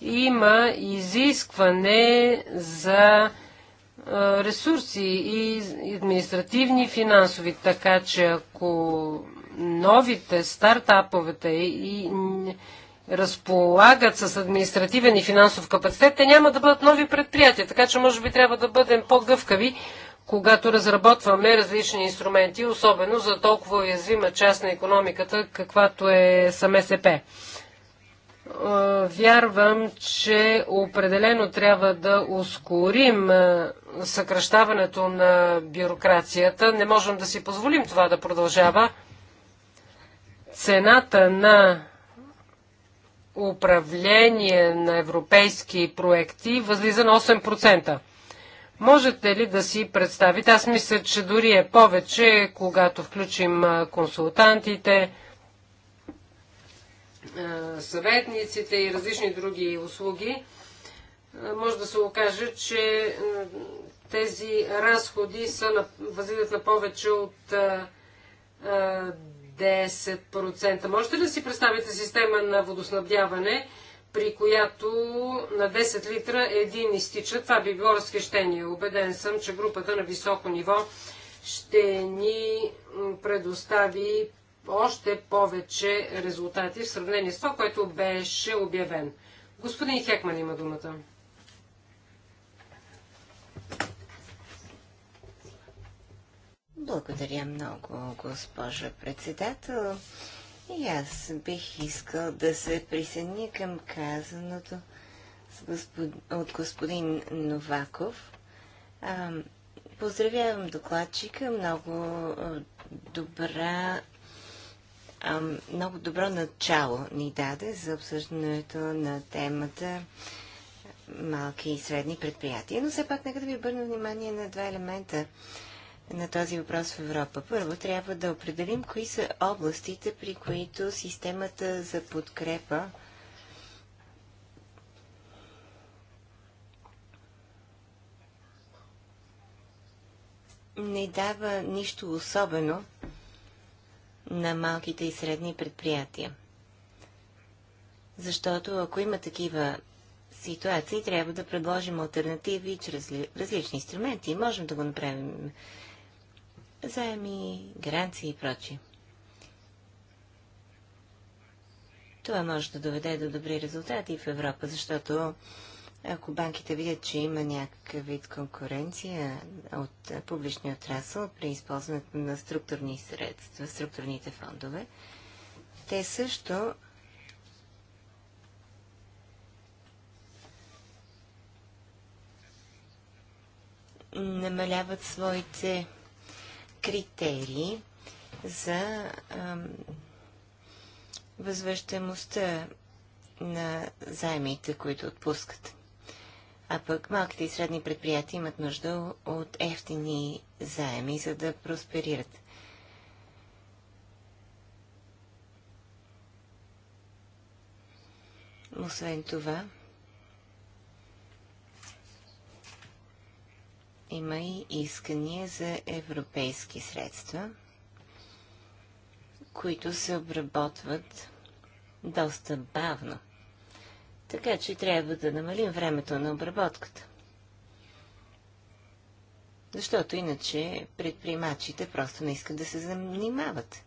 има изискване за ресурси и административни, и финансови, така че ако новите стартаповете и разполагат с административен и финансов капацитет, те няма да бъдат нови предприятия, така че може би трябва да бъдем по-гъвкави когато разработваме различни инструменти, особено за толкова уязвима част на економиката, каквато е са е, Вярвам, че определено трябва да ускорим е, съкръщаването на бюрокрацията. Не можем да си позволим това да продължава. Цената на управление на европейски проекти възлиза на 8%. Можете ли да си представите? Аз мисля, че дори е повече, когато включим консултантите, съветниците и различни други услуги. Може да се окаже, че тези разходи са на, възлизат на повече от 10%. Можете ли да си представите система на водоснабдяване, при която на 10 литра един изтича. Това би било разхищение. Обеден съм, че групата на високо ниво ще ни предостави още повече резултати в сравнение с това, което беше обявен. Господин Хекман има думата. Благодаря много, госпожа председател. И аз бих искал да се присъединя към казаното господ... от господин Новаков. А, поздравявам докладчика, много добра а, много добро начало ни даде за обсъждането на темата малки и средни предприятия. Но все пак нека да ви обърна внимание на два елемента на този въпрос в Европа. Първо трябва да определим кои са областите, при които системата за подкрепа не дава нищо особено на малките и средни предприятия. Защото ако има такива ситуации, трябва да предложим альтернативи чрез различни инструменти. Можем да го направим заеми, гаранции и прочие. Това може да доведе до добри резултати в Европа, защото ако банките видят, че има някакъв вид конкуренция от публичния отрасъл при използването на структурни средства, структурните фондове, те също намаляват своите критерии за ам, възвръщаемостта на заемите, които отпускат. А пък малките и средни предприятия имат нужда от ефтини заеми, за да просперират. Освен това, има и искания за европейски средства, които се обработват доста бавно. Така че трябва да намалим времето на обработката. Защото иначе предприемачите просто не искат да се занимават.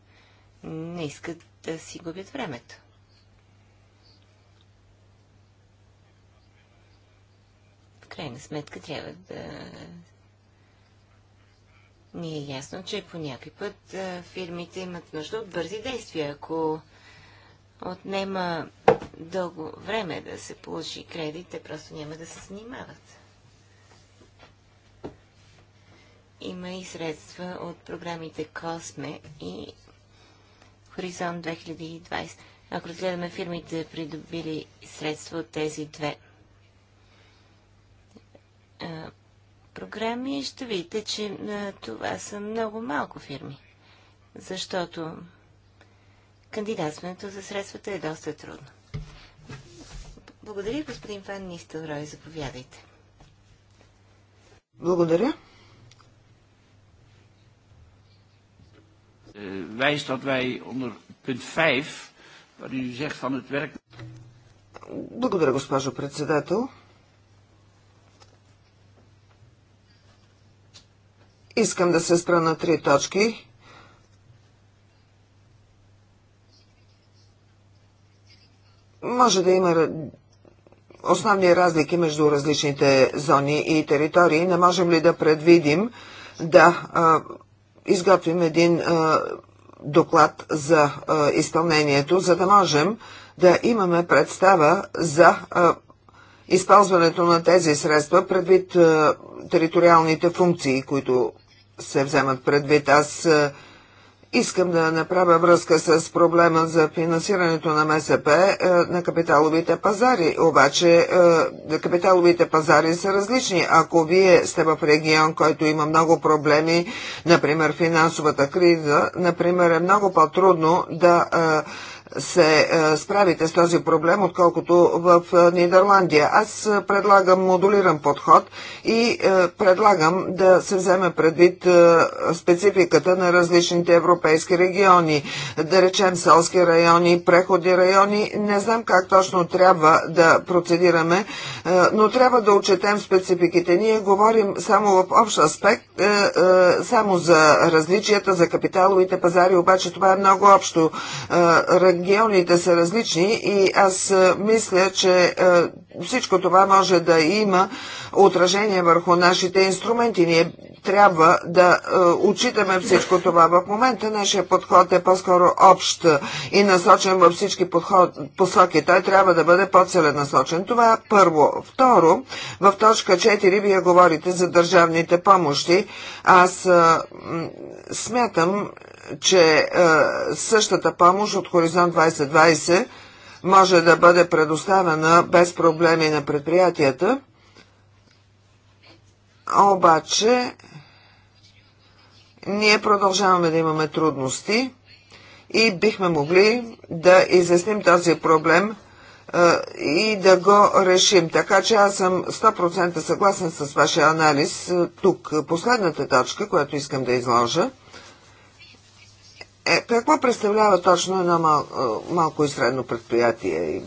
Не искат да си губят времето. крайна сметка трябва да ни е ясно, че по някой път фирмите имат нужда от бързи действия. Ако отнема дълго време да се получи кредит, те просто няма да се занимават. Има и средства от програмите Косме и Хоризонт 2020. Ако разгледаме фирмите, придобили средства от тези две програми, ще видите, че а, това са много малко фирми. Защото кандидатстването за средствата е доста трудно. Благодаря, господин Фан Нистелрой. Заповядайте. Благодаря. Е, wijst dat wij onder punt 5, waar u zegt van het werk. Благодаря, госпожо председател. Искам да се спра на три точки. Може да има основни разлики между различните зони и територии. Не можем ли да предвидим да а, изготвим един а, доклад за а, изпълнението, за да можем да имаме представа за а, използването на тези средства предвид а, териториалните функции, които се вземат предвид. Аз е, искам да направя връзка с проблема за финансирането на МСП е, на капиталовите пазари. Обаче е, капиталовите пазари са различни. Ако вие сте в регион, който има много проблеми, например финансовата криза, например е много по-трудно да се е, справите с този проблем, отколкото в е, Нидерландия. Аз е, предлагам модулиран подход и предлагам да се вземе предвид спецификата на различните европейски региони, да речем селски райони, преходи райони. Не знам как точно трябва да процедираме, но трябва да отчетем спецификите. Ние говорим само в общ аспект, само за различията, за капиталовите пазари, обаче това е много общо регионите са различни и аз мисля, че всичко това може да има отражение върху нашите инструменти. Ние трябва да отчитаме всичко това. В момента нашия подход е по-скоро общ и насочен във всички подход, посоки. Той трябва да бъде по-целенасочен. Това е първо. Второ, в точка 4 вие говорите за държавните помощи. Аз смятам, че е, същата помощ от Хоризонт 2020 може да бъде предоставена без проблеми на предприятията, обаче ние продължаваме да имаме трудности и бихме могли да изясним този проблем е, и да го решим. Така че аз съм 100% съгласен с вашия анализ. Е, тук последната точка, която искам да изложа, е, какво представлява точно едно мал, е, малко и средно предприятие?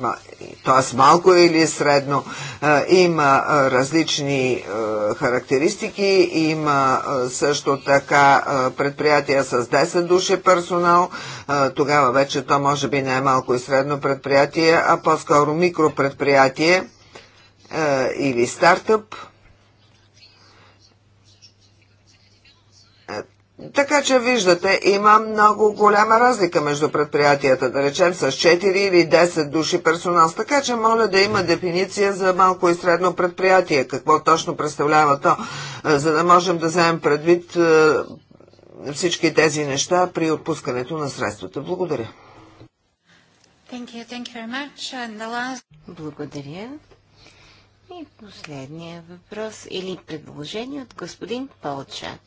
Т.е. малко или средно е, има е, различни характеристики, има също така предприятия с 10 души персонал, тогава вече то може би не е малко и средно предприятие, а по-скоро микропредприятие или стартъп. Така че виждате, има много голяма разлика между предприятията, да речем с 4 или 10 души персонал. Така че моля да има дефиниция за малко и средно предприятие, какво точно представлява то, е, за да можем да вземем предвид е, всички тези неща при отпускането на средствата. Благодаря. Thank you, thank you last... Благодаря. И последния въпрос или предложение от господин Полчак.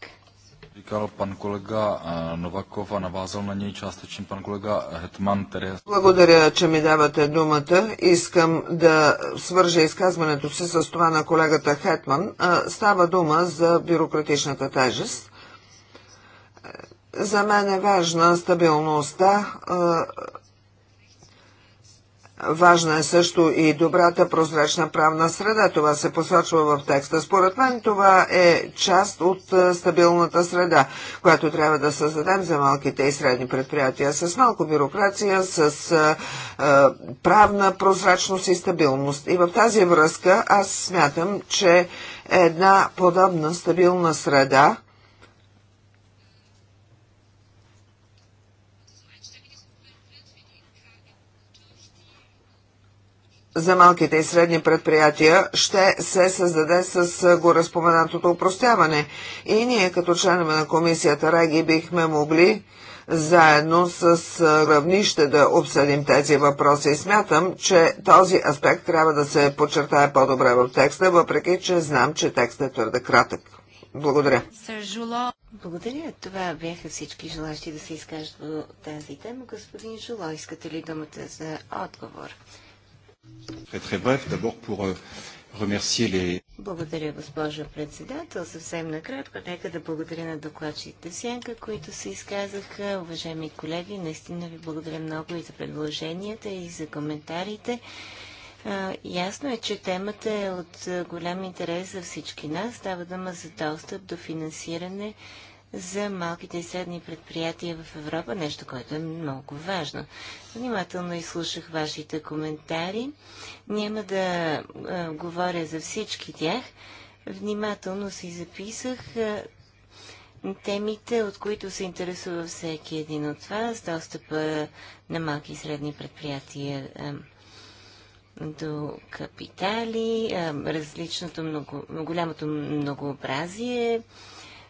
Říkal pan kolega eh, Novakov a navázal na něj částečně pan kolega Hetman, který... Благодаря, че ми давате думата. Искам да свържа изказването си с това на колегата Хетман. Е, става дума за бюрократичната тежест. Е, за мен е важна стабилността е, Важна е също и добрата прозрачна правна среда. Това се посочва в текста. Според мен това е част от стабилната среда, която трябва да създадем за малките и средни предприятия. С малко бюрокрация, с е, правна прозрачност и стабилност. И в тази връзка аз смятам, че е една подобна стабилна среда за малките и средни предприятия ще се създаде с гореспоменатото упростяване. И ние като членове на комисията Реги бихме могли заедно с равнище да обсъдим тези въпроси. Смятам, че този аспект трябва да се подчертае по-добре в текста, въпреки че знам, че текстът е твърде кратък. Благодаря. Благодаря. Това бяха всички желащи да се изкажат по тази тема. Господин Жуло, искате ли думата за отговор? Euh, благодаря, госпожо председател. Съвсем накратко, нека да благодаря на докладчите Сянка, които се изказаха. Уважаеми колеги, наистина ви благодаря много и за предложенията, и за коментарите. ясно е, че темата е от голям интерес за всички нас. Става дума за достъп до финансиране за малките и средни предприятия в Европа, нещо, което е много важно. Внимателно изслушах вашите коментари. Няма да а, говоря за всички тях. Внимателно си записах а, темите, от които се интересува всеки един от вас, достъпа на малки и средни предприятия а, до капитали, различното много, голямото многообразие,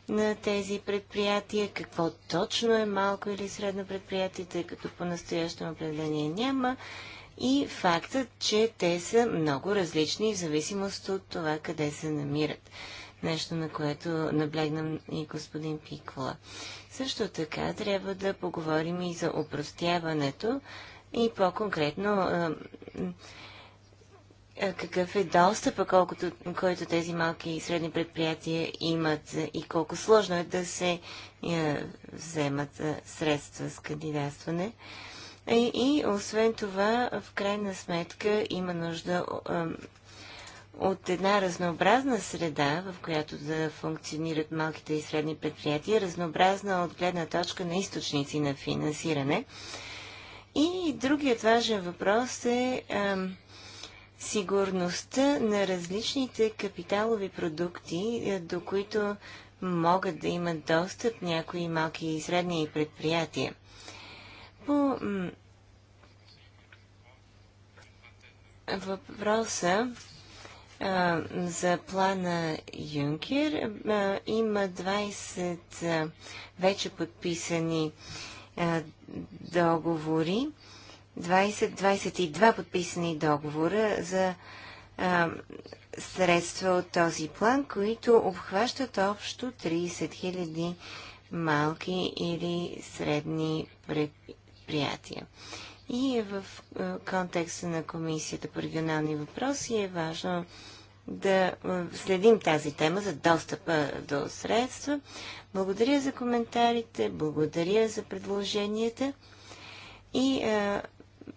на тези предприятия, какво точно е малко или средно предприятие, тъй като по-настоящем определение няма и фактът, че те са много различни в зависимост от това къде се намират. Нещо, на което наблегнам и господин Пикола. Също така трябва да поговорим и за упростяването и по-конкретно е, какъв е достъпа, колкото, който тези малки и средни предприятия имат е, и колко сложно е да се е, вземат е, средства с кандидатстване. И, и освен това, в крайна сметка има нужда от една разнообразна среда, в която да функционират малките и средни предприятия, разнообразна от гледна точка на източници на финансиране. И другият важен въпрос е. е сигурността на различните капиталови продукти, е, до които могат да имат достъп някои малки и средни предприятия. По въпроса а, за плана Юнкер а, има 20 а, вече подписани договори 20-22 подписани договора за а, средства от този план, които обхващат общо 30 000 малки или средни предприятия. И е в контекста на Комисията по регионални въпроси е важно да следим тази тема за достъпа до средства. Благодаря за коментарите, благодаря за предложенията и а,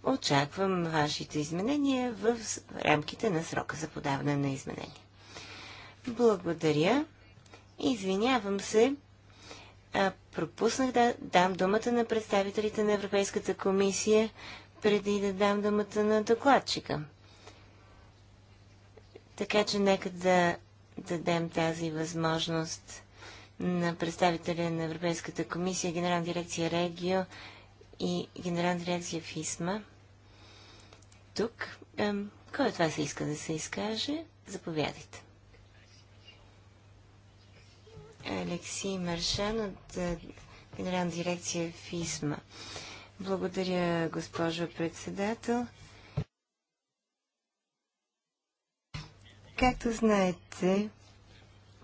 очаквам вашите изменения в рамките на срока за подаване на изменения. Благодаря. Извинявам се. пропуснах да дам думата на представителите на Европейската комисия, преди да дам думата на докладчика. Така че нека да дадем тази възможност на представителя на Европейската комисия, Генерална дирекция Регио и генерална дирекция в ИСМА. Тук, кой от вас иска да се изкаже, заповядайте. Алексей Маршан от генерална дирекция в Благодаря, госпожо председател. Както знаете,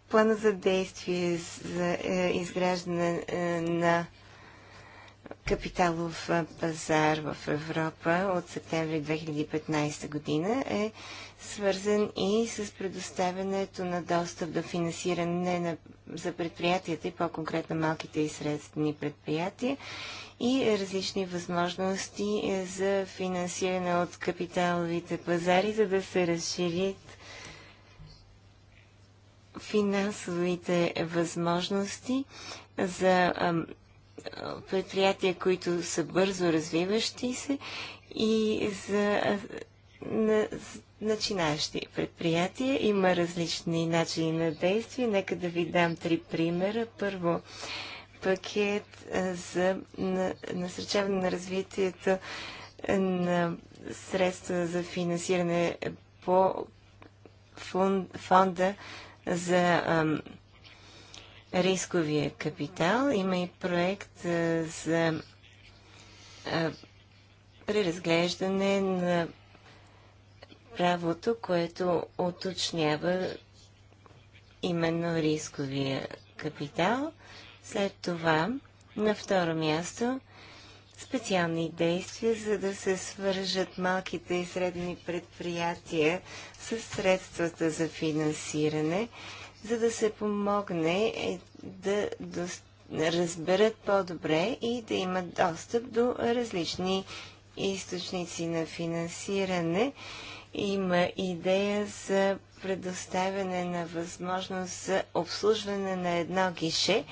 плана за действие за е, изграждане е, на капиталов пазар в Европа от септември 2015 година е свързан и с предоставянето на достъп до финансиране на, за предприятията и по-конкретно малките и средствени предприятия и различни възможности е, за финансиране от капиталовите пазари, за да се разширят финансовите възможности за предприятия, които са бързо развиващи се и за на, начинаещи предприятия. Има различни начини на действие. Нека да ви дам три примера. Първо, пакет за насърчаване на развитието на средства за финансиране по фонда за рисковия капитал. Има и проект а, за а, преразглеждане на правото, което уточнява именно рисковия капитал. След това, на второ място, специални действия, за да се свържат малките и средни предприятия с средствата за финансиране за да се помогне е да, да разберат по-добре и да имат достъп до различни източници на финансиране. Има идея за предоставяне на възможност за обслужване на едно гише,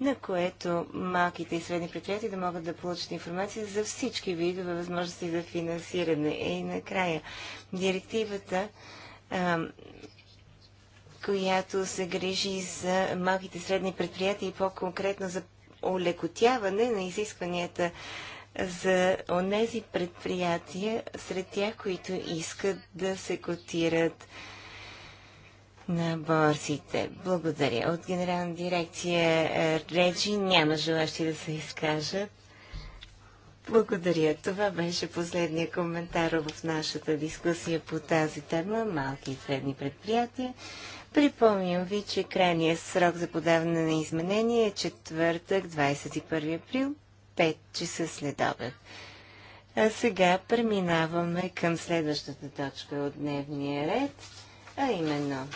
на което малките и средни предприятия да могат да получат информация за всички видове възможности за финансиране. И накрая, директивата която се грижи за малките и средни предприятия и по-конкретно за олекотяване на изискванията за онези предприятия, сред тях, които искат да се котират на борсите. Благодаря. От генерална дирекция е, Реджи няма желащи да се изкажат. Благодаря. Това беше последния коментар в нашата дискусия по тази тема малки и средни предприятия. Припомням ви, че крайният срок за подаване на изменение е четвъртък, 21 април, 5 часа след обед. А сега преминаваме към следващата точка от дневния ред, а именно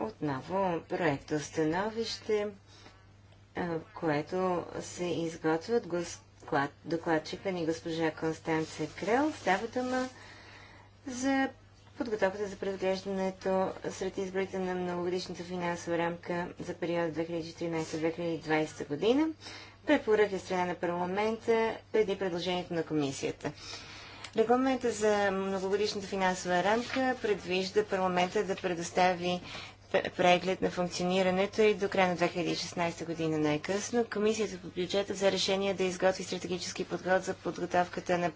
отново проекто становище, което се изготвя от докладчика ни госпожа Констанция Крел. Става дума за подготовката за предглеждането сред изборите на многогодишната финансова рамка за периода 2014-2020 година, препоръки страна на парламента преди предложението на комисията. Регламента за многогодишната финансова рамка предвижда парламента да предостави преглед на функционирането и до края на 2016 година най-късно. Комисията по бюджета взе решение да изготви стратегически подход за подготовката на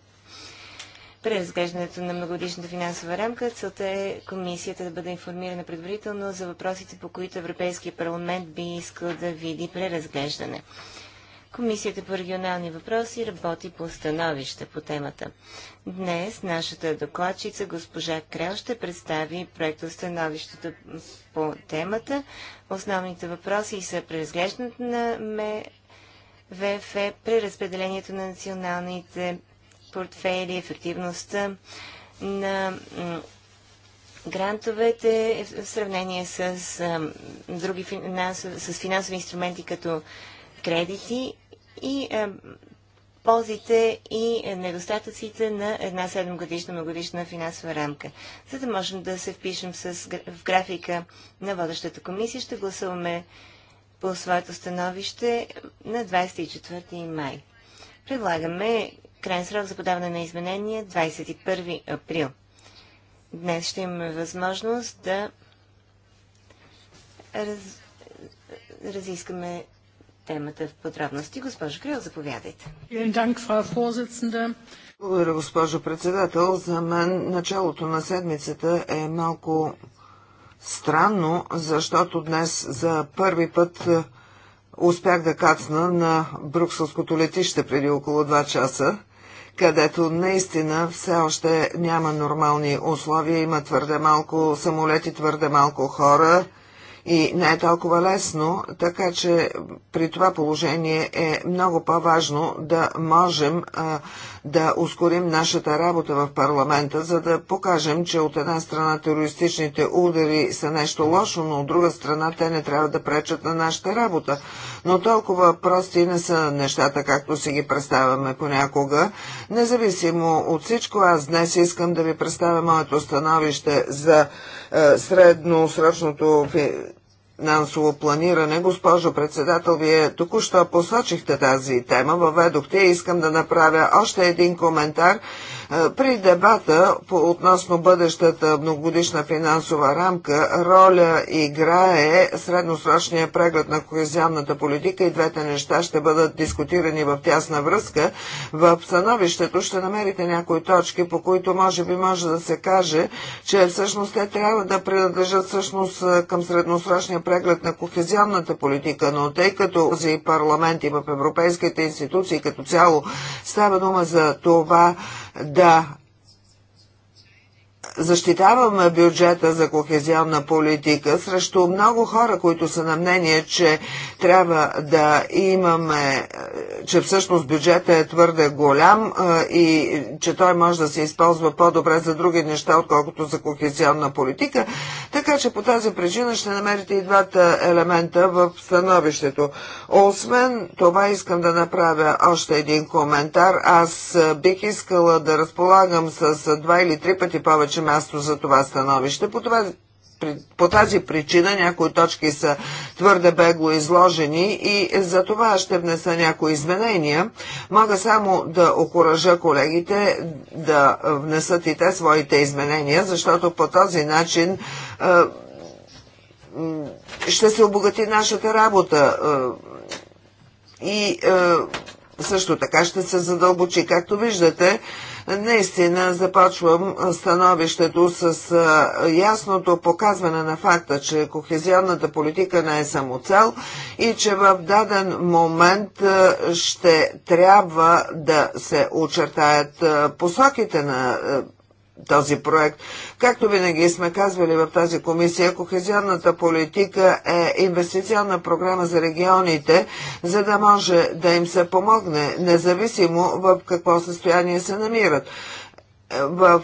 преразглеждането на многодишната финансова рамка. Целта е комисията да бъде информирана предварително за въпросите, по които Европейския парламент би искал да види преразглеждане. Комисията по регионални въпроси работи по становище по темата. Днес нашата докладчица госпожа Крел ще представи проекто становището по темата. Основните въпроси са преразглеждането на ВФ, преразпределението на националните портфели, ефективността на грантовете в сравнение с, други финансови, с финансови инструменти като кредити и ползите и недостатъците на една 7-годишна, многогодишна финансова рамка. За да можем да се впишем с, в графика на водещата комисия, ще гласуваме по своето становище на 24 май. Предлагаме Крайен срок за подаване на изменения 21 април. Днес ще имаме възможност да раз... разискаме темата в подробности. Госпожо Крил, заповядайте. Благодаря, госпожо председател. За мен началото на седмицата е малко странно, защото днес за първи път е, успях да кацна на брукселското летище преди около 2 часа където наистина все още няма нормални условия, има твърде малко самолети, твърде малко хора и не е толкова лесно, така че при това положение е много по-важно да можем а, да ускорим нашата работа в парламента, за да покажем, че от една страна терористичните удари са нещо лошо, но от друга страна те не трябва да пречат на нашата работа. Но толкова прости не са нещата, както си ги представяме понякога. Независимо от всичко, аз днес искам да ви представя моето становище за е, средносрочното финансово планиране. Госпожо председател, вие току-що посочихте тази тема, въведохте и искам да направя още един коментар е, при дебата по относно бъдещата многогодишна финансова рамка роля играе средносрочния преглед на кохезионната политика и двете неща ще бъдат дискутирани в тясна връзка. В становището ще намерите някои точки, по които може би може да се каже, че всъщност те трябва да принадлежат всъщност е, към средносрочния преглед на кохезионната политика, но тъй като за парламент и в европейските институции като цяло става дума за това да да Защитаваме бюджета за кохезионна политика срещу много хора, които са на мнение, че трябва да имаме, е, че всъщност бюджета е твърде голям е, и че той може да се използва по-добре за други неща, отколкото за кохезионна политика. Така че по тази причина ще намерите и двата елемента в становището. Освен това искам да направя още един коментар. Аз е, бих искала да разполагам с два или три пъти повече място за това становище. По, това, по тази причина някои точки са твърде бегло изложени и за това ще внеса някои изменения. Мога само да окоръжа колегите да внесат и те своите изменения, защото по този начин е, ще се обогати нашата работа е, и е, също така ще се задълбочи. Както виждате, Наистина започвам становището с ясното показване на факта, че кохезионната политика не е само цел и че в даден момент ще трябва да се очертаят посоките на този проект. Както винаги сме казвали в тази комисия, кохезионната политика е инвестиционна програма за регионите, за да може да им се помогне, независимо в какво състояние се намират. Е, в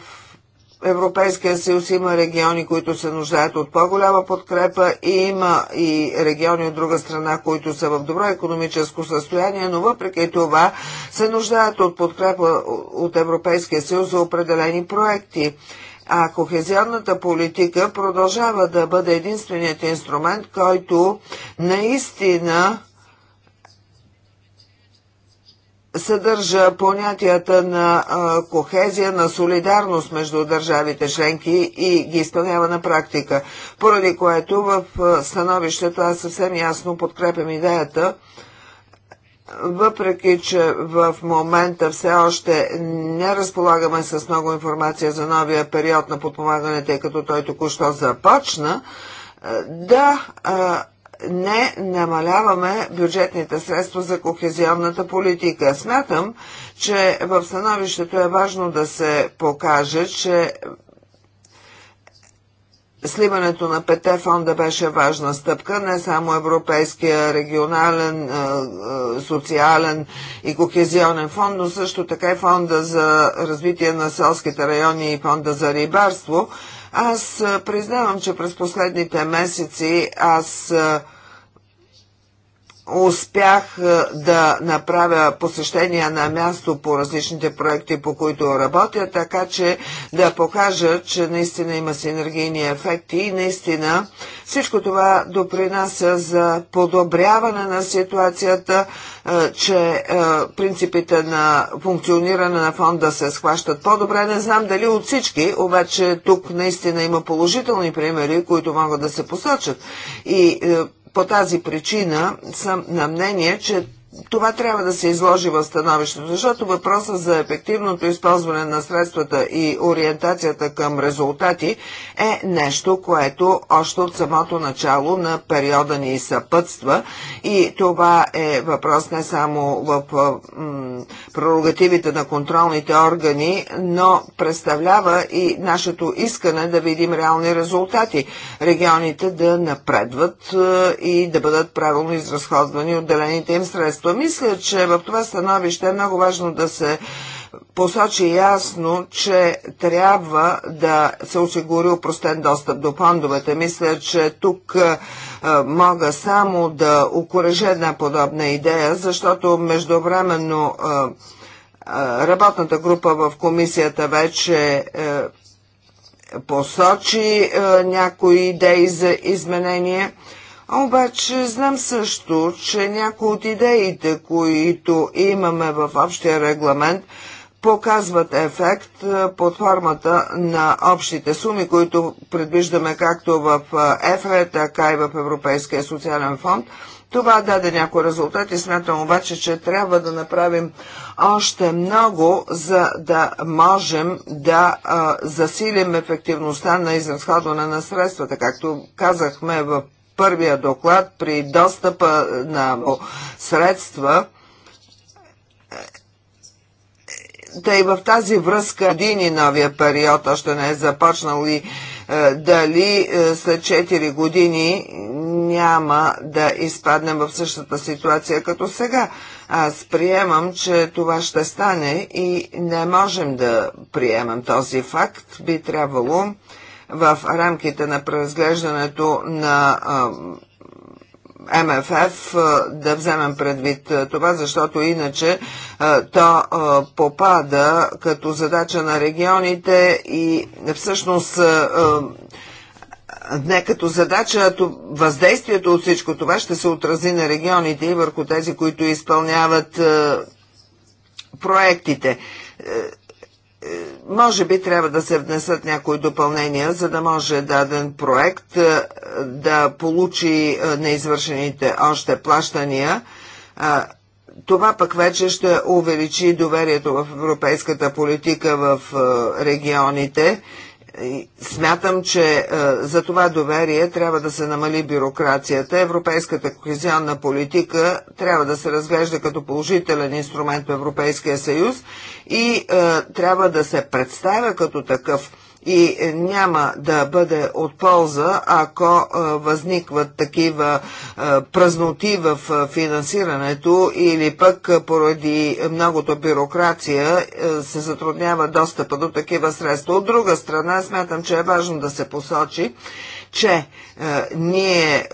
Европейския съюз има региони, които се нуждаят от по-голяма подкрепа и има и региони от друга страна, които са в добро економическо състояние, но въпреки това се нуждаят от подкрепа от Европейския съюз за определени проекти. А кохезионната политика продължава да бъде единственият инструмент, който наистина съдържа понятията на а, кохезия, на солидарност между държавите членки и ги изпълнява на практика. Поради което в становището аз съвсем ясно подкрепям идеята, въпреки че в момента все още не разполагаме с много информация за новия период на подпомагане, тъй като той току-що започна, да а, не намаляваме бюджетните средства за кохезионната политика. Смятам, че в становището е важно да се покаже, че Сливането на пете фонда беше важна стъпка, не само Европейския регионален, социален и кохезионен фонд, но също така и фонда за развитие на селските райони и фонда за рибарство – аз признавам, че през последните месеци аз успях е, да направя посещения на място по различните проекти, по които работя, така че да покажа, че наистина има синергийни ефекти и наистина всичко това допринася за подобряване на ситуацията, е, че е, принципите на функциониране на фонда се схващат по-добре. Не знам дали от всички, обаче тук наистина има положителни примери, които могат да се посочат. И по тази причина съм на мнение, че това трябва да се изложи в становището, защото въпросът за ефективното използване на средствата и ориентацията към резултати е нещо, което още от самото начало на периода ни съпътства и това е въпрос не само в прерогативите на контролните органи, но представлява и нашето искане да видим реални резултати, регионите да напредват е, и да бъдат правилно изразходвани отделените им средства. Мисля, че в това становище е много важно да се посочи ясно, че трябва да се осигури упростен достъп до фондовете. Мисля, че тук е, мога само да укорежа една подобна идея, защото междувременно е, е, работната група в комисията вече посочи някои идеи за изменения. Обаче знам също, че някои от идеите, които имаме в общия регламент, показват ефект под формата на общите суми, които предвиждаме както в ЕФРЕ, така и в Европейския социален фонд. Това даде някои резултати. Смятам обаче, че трябва да направим още много, за да можем да а, засилим ефективността на изразходване на средствата. Както казахме в първия доклад, при достъпа на средства тъй в тази връзка години новия период още не е започнал и е, дали е, след 4 години няма да изпаднем в същата ситуация като сега. Аз приемам, че това ще стане и не можем да приемам този факт. Би трябвало в рамките на преразглеждането на МФФ да вземем предвид това, защото иначе то попада като задача на регионите и всъщност не като задача, а въздействието от всичко това ще се отрази на регионите и върху тези, които изпълняват проектите е, може би трябва да се внесат някои допълнения, за да може даден проект е, да получи е, неизвършените още плащания. Е, това пък вече ще увеличи доверието в европейската политика в регионите Смятам, че е, за това доверие трябва да се намали бюрокрацията. Европейската кохезионна политика трябва да се разглежда като положителен инструмент в Европейския съюз и е, трябва да се представя като такъв и е, няма да бъде от полза, ако е, възникват такива е, празноти в финансирането или пък поради многото бюрокрация се затруднява достъпа до такива средства. От друга страна, смятам, че е важно да се посочи, че ние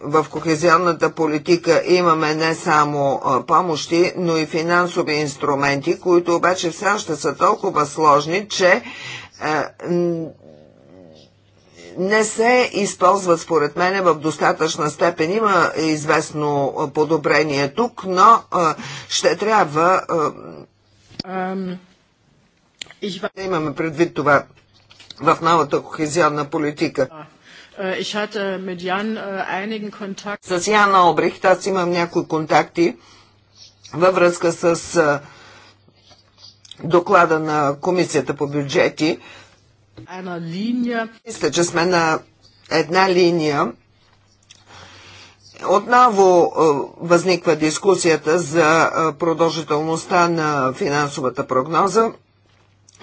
в кохезионната политика имаме не само помощи, но и финансови инструменти, които обаче все още са толкова сложни, че е, не се използват според мене в достатъчна степен. Има известно подобрение тук, но ще трябва да имаме предвид това в новата кохезионна политика. Äh, äh, с Яна Албрехт аз имам някои контакти във връзка с доклада на Комисията по бюджети. Мисля, че сме на една линия. Отново възниква дискусията за продължителността на финансовата прогноза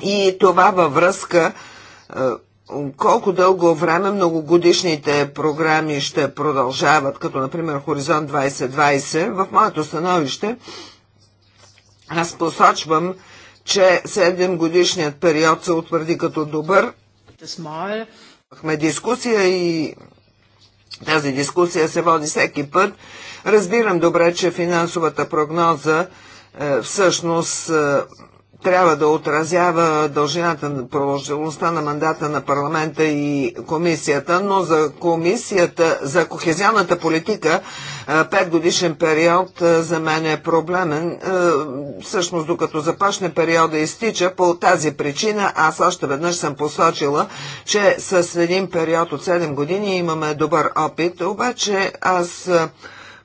и това във връзка колко дълго време многогодишните програми ще продължават, като например Хоризонт 2020, в моето становище аз посочвам, че 7 годишният период се утвърди като добър. Имахме дискусия и тази дискусия се води всеки път. Разбирам добре, че финансовата прогноза е, всъщност е, трябва да отразява дължината на продължителността на мандата на парламента и комисията, но за комисията, за кохезионната политика, е, пет годишен период е, за мен е проблемен. Е, всъщност, докато започне периода изтича, по тази причина аз още веднъж съм посочила, че с един период от 7 години имаме добър опит, обаче аз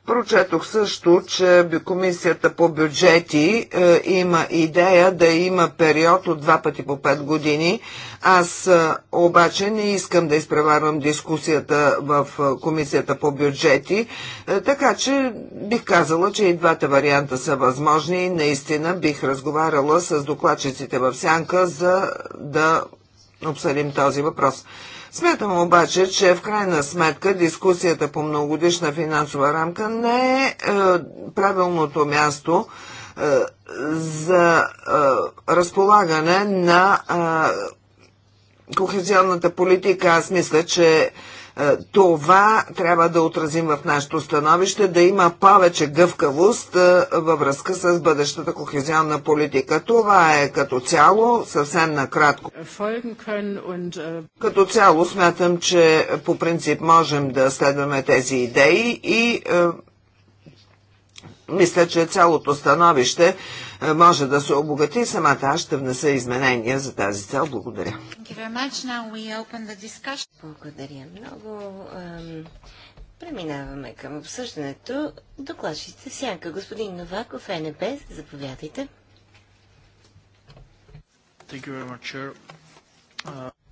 Прочетох също, че Комисията по бюджети е, има идея да има период от два пъти по пет години. Аз е, обаче не искам да изпреварвам дискусията в е, Комисията по бюджети, е, така че бих казала, че и двата варианта са възможни и наистина бих разговаряла с докладчиците в Сянка, за да обсъдим този въпрос. Смятам обаче, че в крайна сметка дискусията по многодишна финансова рамка не е, е правилното място е, за е, разполагане на е, кохезионната политика. Аз мисля, че е, това трябва да отразим в нашето становище, да има повече гъвкавост е, във връзка с бъдещата кохезионна политика. Това е като цяло, съвсем накратко. Е, като цяло смятам, че по принцип можем да следваме тези идеи и мисля, че цялото становище е, може да се обогати. Самата аз ще внеса изменения за тази цел. Благодаря. Благодаря много. Преминаваме към обсъждането. Докладчите сянка. Господин Новаков, НБ, заповядайте.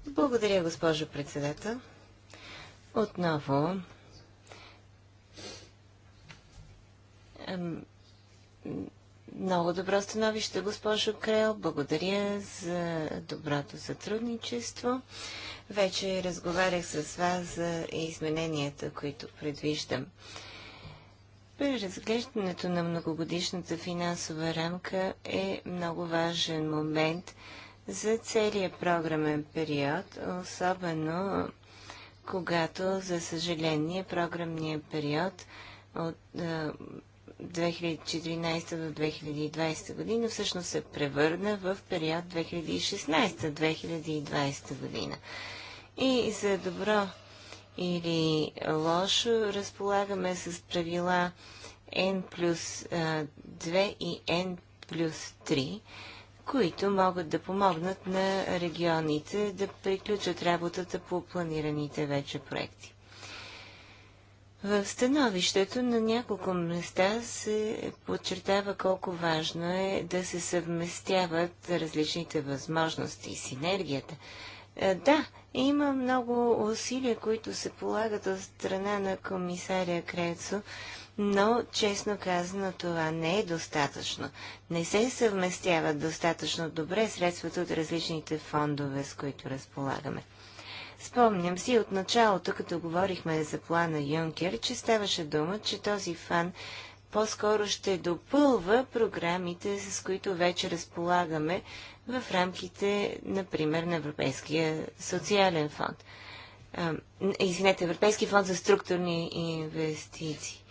Благодаря, госпожо председател. Отново ам, много добро становище, госпожо Крел. Благодаря за доброто сътрудничество. Вече разговарях с вас за измененията, които предвиждам. При разглеждането на многогодишната финансова рамка е много важен момент за целият програмен период, особено когато, за съжаление, програмният период от, е, 2014 до 2020 година всъщност се превърна в период 2016-2020 година. И за добро или лошо разполагаме с правила N плюс 2 и N плюс 3, които могат да помогнат на регионите да приключат работата по планираните вече проекти. В становището на няколко места се подчертава колко важно е да се съвместяват различните възможности и синергията. Е, да, има много усилия, които се полагат от страна на комисаря Крецо, но честно казано това не е достатъчно. Не се съвместяват достатъчно добре средствата от различните фондове, с които разполагаме. Спомням си от началото, като говорихме за плана Юнкер, че ставаше дума, че този фан по-скоро ще допълва програмите, с които вече разполагаме в рамките, например, на Европейския социален фонд. Извинете, Европейски фонд за структурни инвестиции.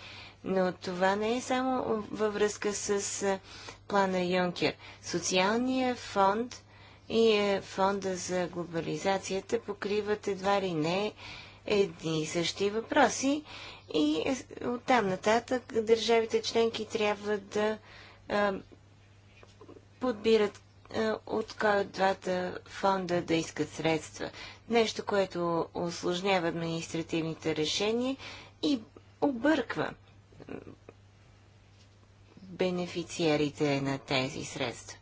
Но това не е само във връзка с плана Юнкер. Социалният фонд и е, фонда за глобализацията покриват едва ли не едни и същи въпроси и е, оттам нататък държавите членки трябва да а, е, подбират а, от кой от двата фонда да искат средства. Нещо, което осложнява административните решения и обърква бенефициерите на тези средства.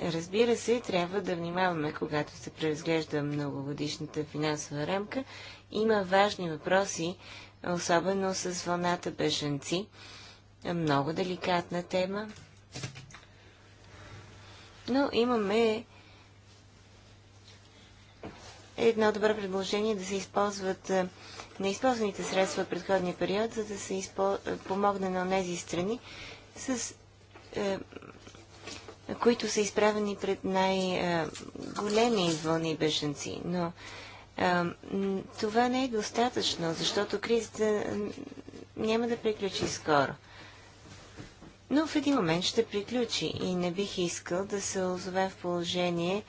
Разбира се, трябва да внимаваме, когато се преразглежда многогодишната финансова рамка. Има важни въпроси, особено с вълната бежанци. Много деликатна тема. Но имаме едно добро предложение да се използват неизползваните средства в предходния период, за да се изпо... помогне на тези страни с е, които са изправени пред най-големи вълни беженци. Но това не е достатъчно, защото кризата няма да приключи скоро. Но в един момент ще приключи и не бих искал да се озове в положение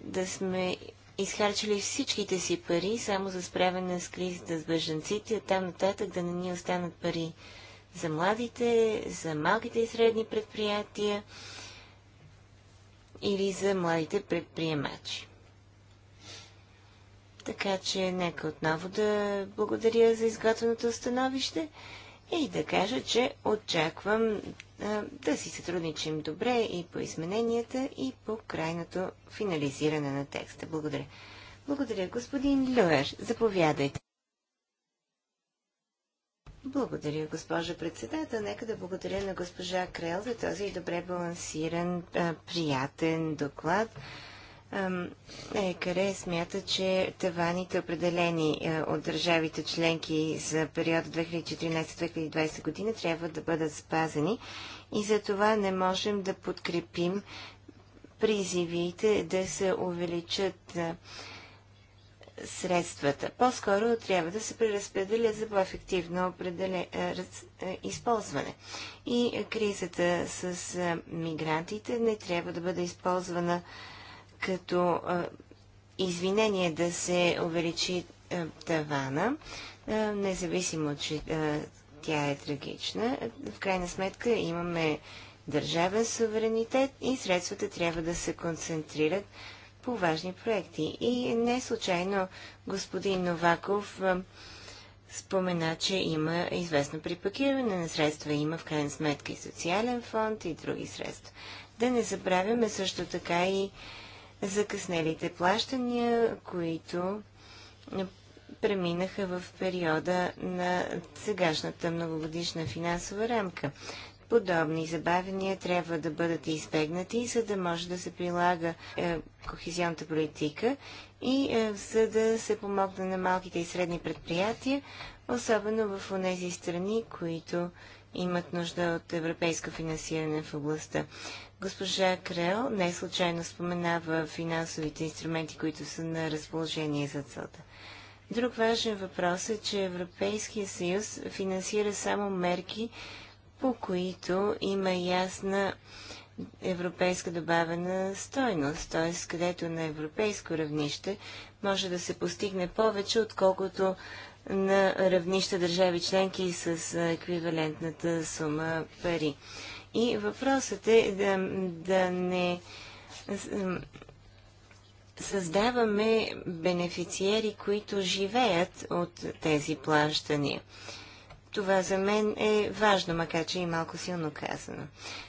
да сме изхарчили всичките си пари само за справяне с кризата с бъженците, а там нататък да не ни останат пари за младите, за малките и средни предприятия, или за младите предприемачи. Така че нека отново да благодаря за изготвеното становище и да кажа, че очаквам а, да си сътрудничим добре и по измененията, и по крайното финализиране на текста. Благодаря. Благодаря, господин Люер. Заповядайте. Благодаря, госпожа председател. Нека да благодаря на госпожа Крел за този добре балансиран, приятен доклад. Екаре смята, че таваните определени от държавите членки за периода 2014-2020 година трябва да бъдат спазени и за това не можем да подкрепим призивите да се увеличат средствата. По-скоро трябва да се преразпределят за по-ефективно е, е, използване. И кризата с е, мигрантите не трябва да бъде използвана като извинение да се увеличи тавана, независимо, че тя е трагична. В крайна сметка имаме държавен суверенитет и средствата трябва да се концентрират по важни проекти. И не случайно господин Новаков спомена, че има известно припакиране на средства. Има в крайна сметка и социален фонд и други средства. Да не забравяме също така и закъснелите плащания, които преминаха в периода на сегашната многогодишна финансова рамка подобни забавения трябва да бъдат избегнати, за да може да се прилага е, кохезионната политика и е, за да се помогне на малките и средни предприятия, особено в тези страни, които имат нужда от европейско финансиране в областта. Госпожа Крел не случайно споменава финансовите инструменти, които са на разположение за целта. Друг важен въпрос е, че Европейския съюз финансира само мерки, по които има ясна европейска добавена стойност, т.е. където на европейско равнище може да се постигне повече, отколкото на равнища държави членки и с еквивалентната сума пари. И въпросът е да, да не създаваме бенефициери, които живеят от тези плащания. Това за мен е важно, макар че и е малко силно казано.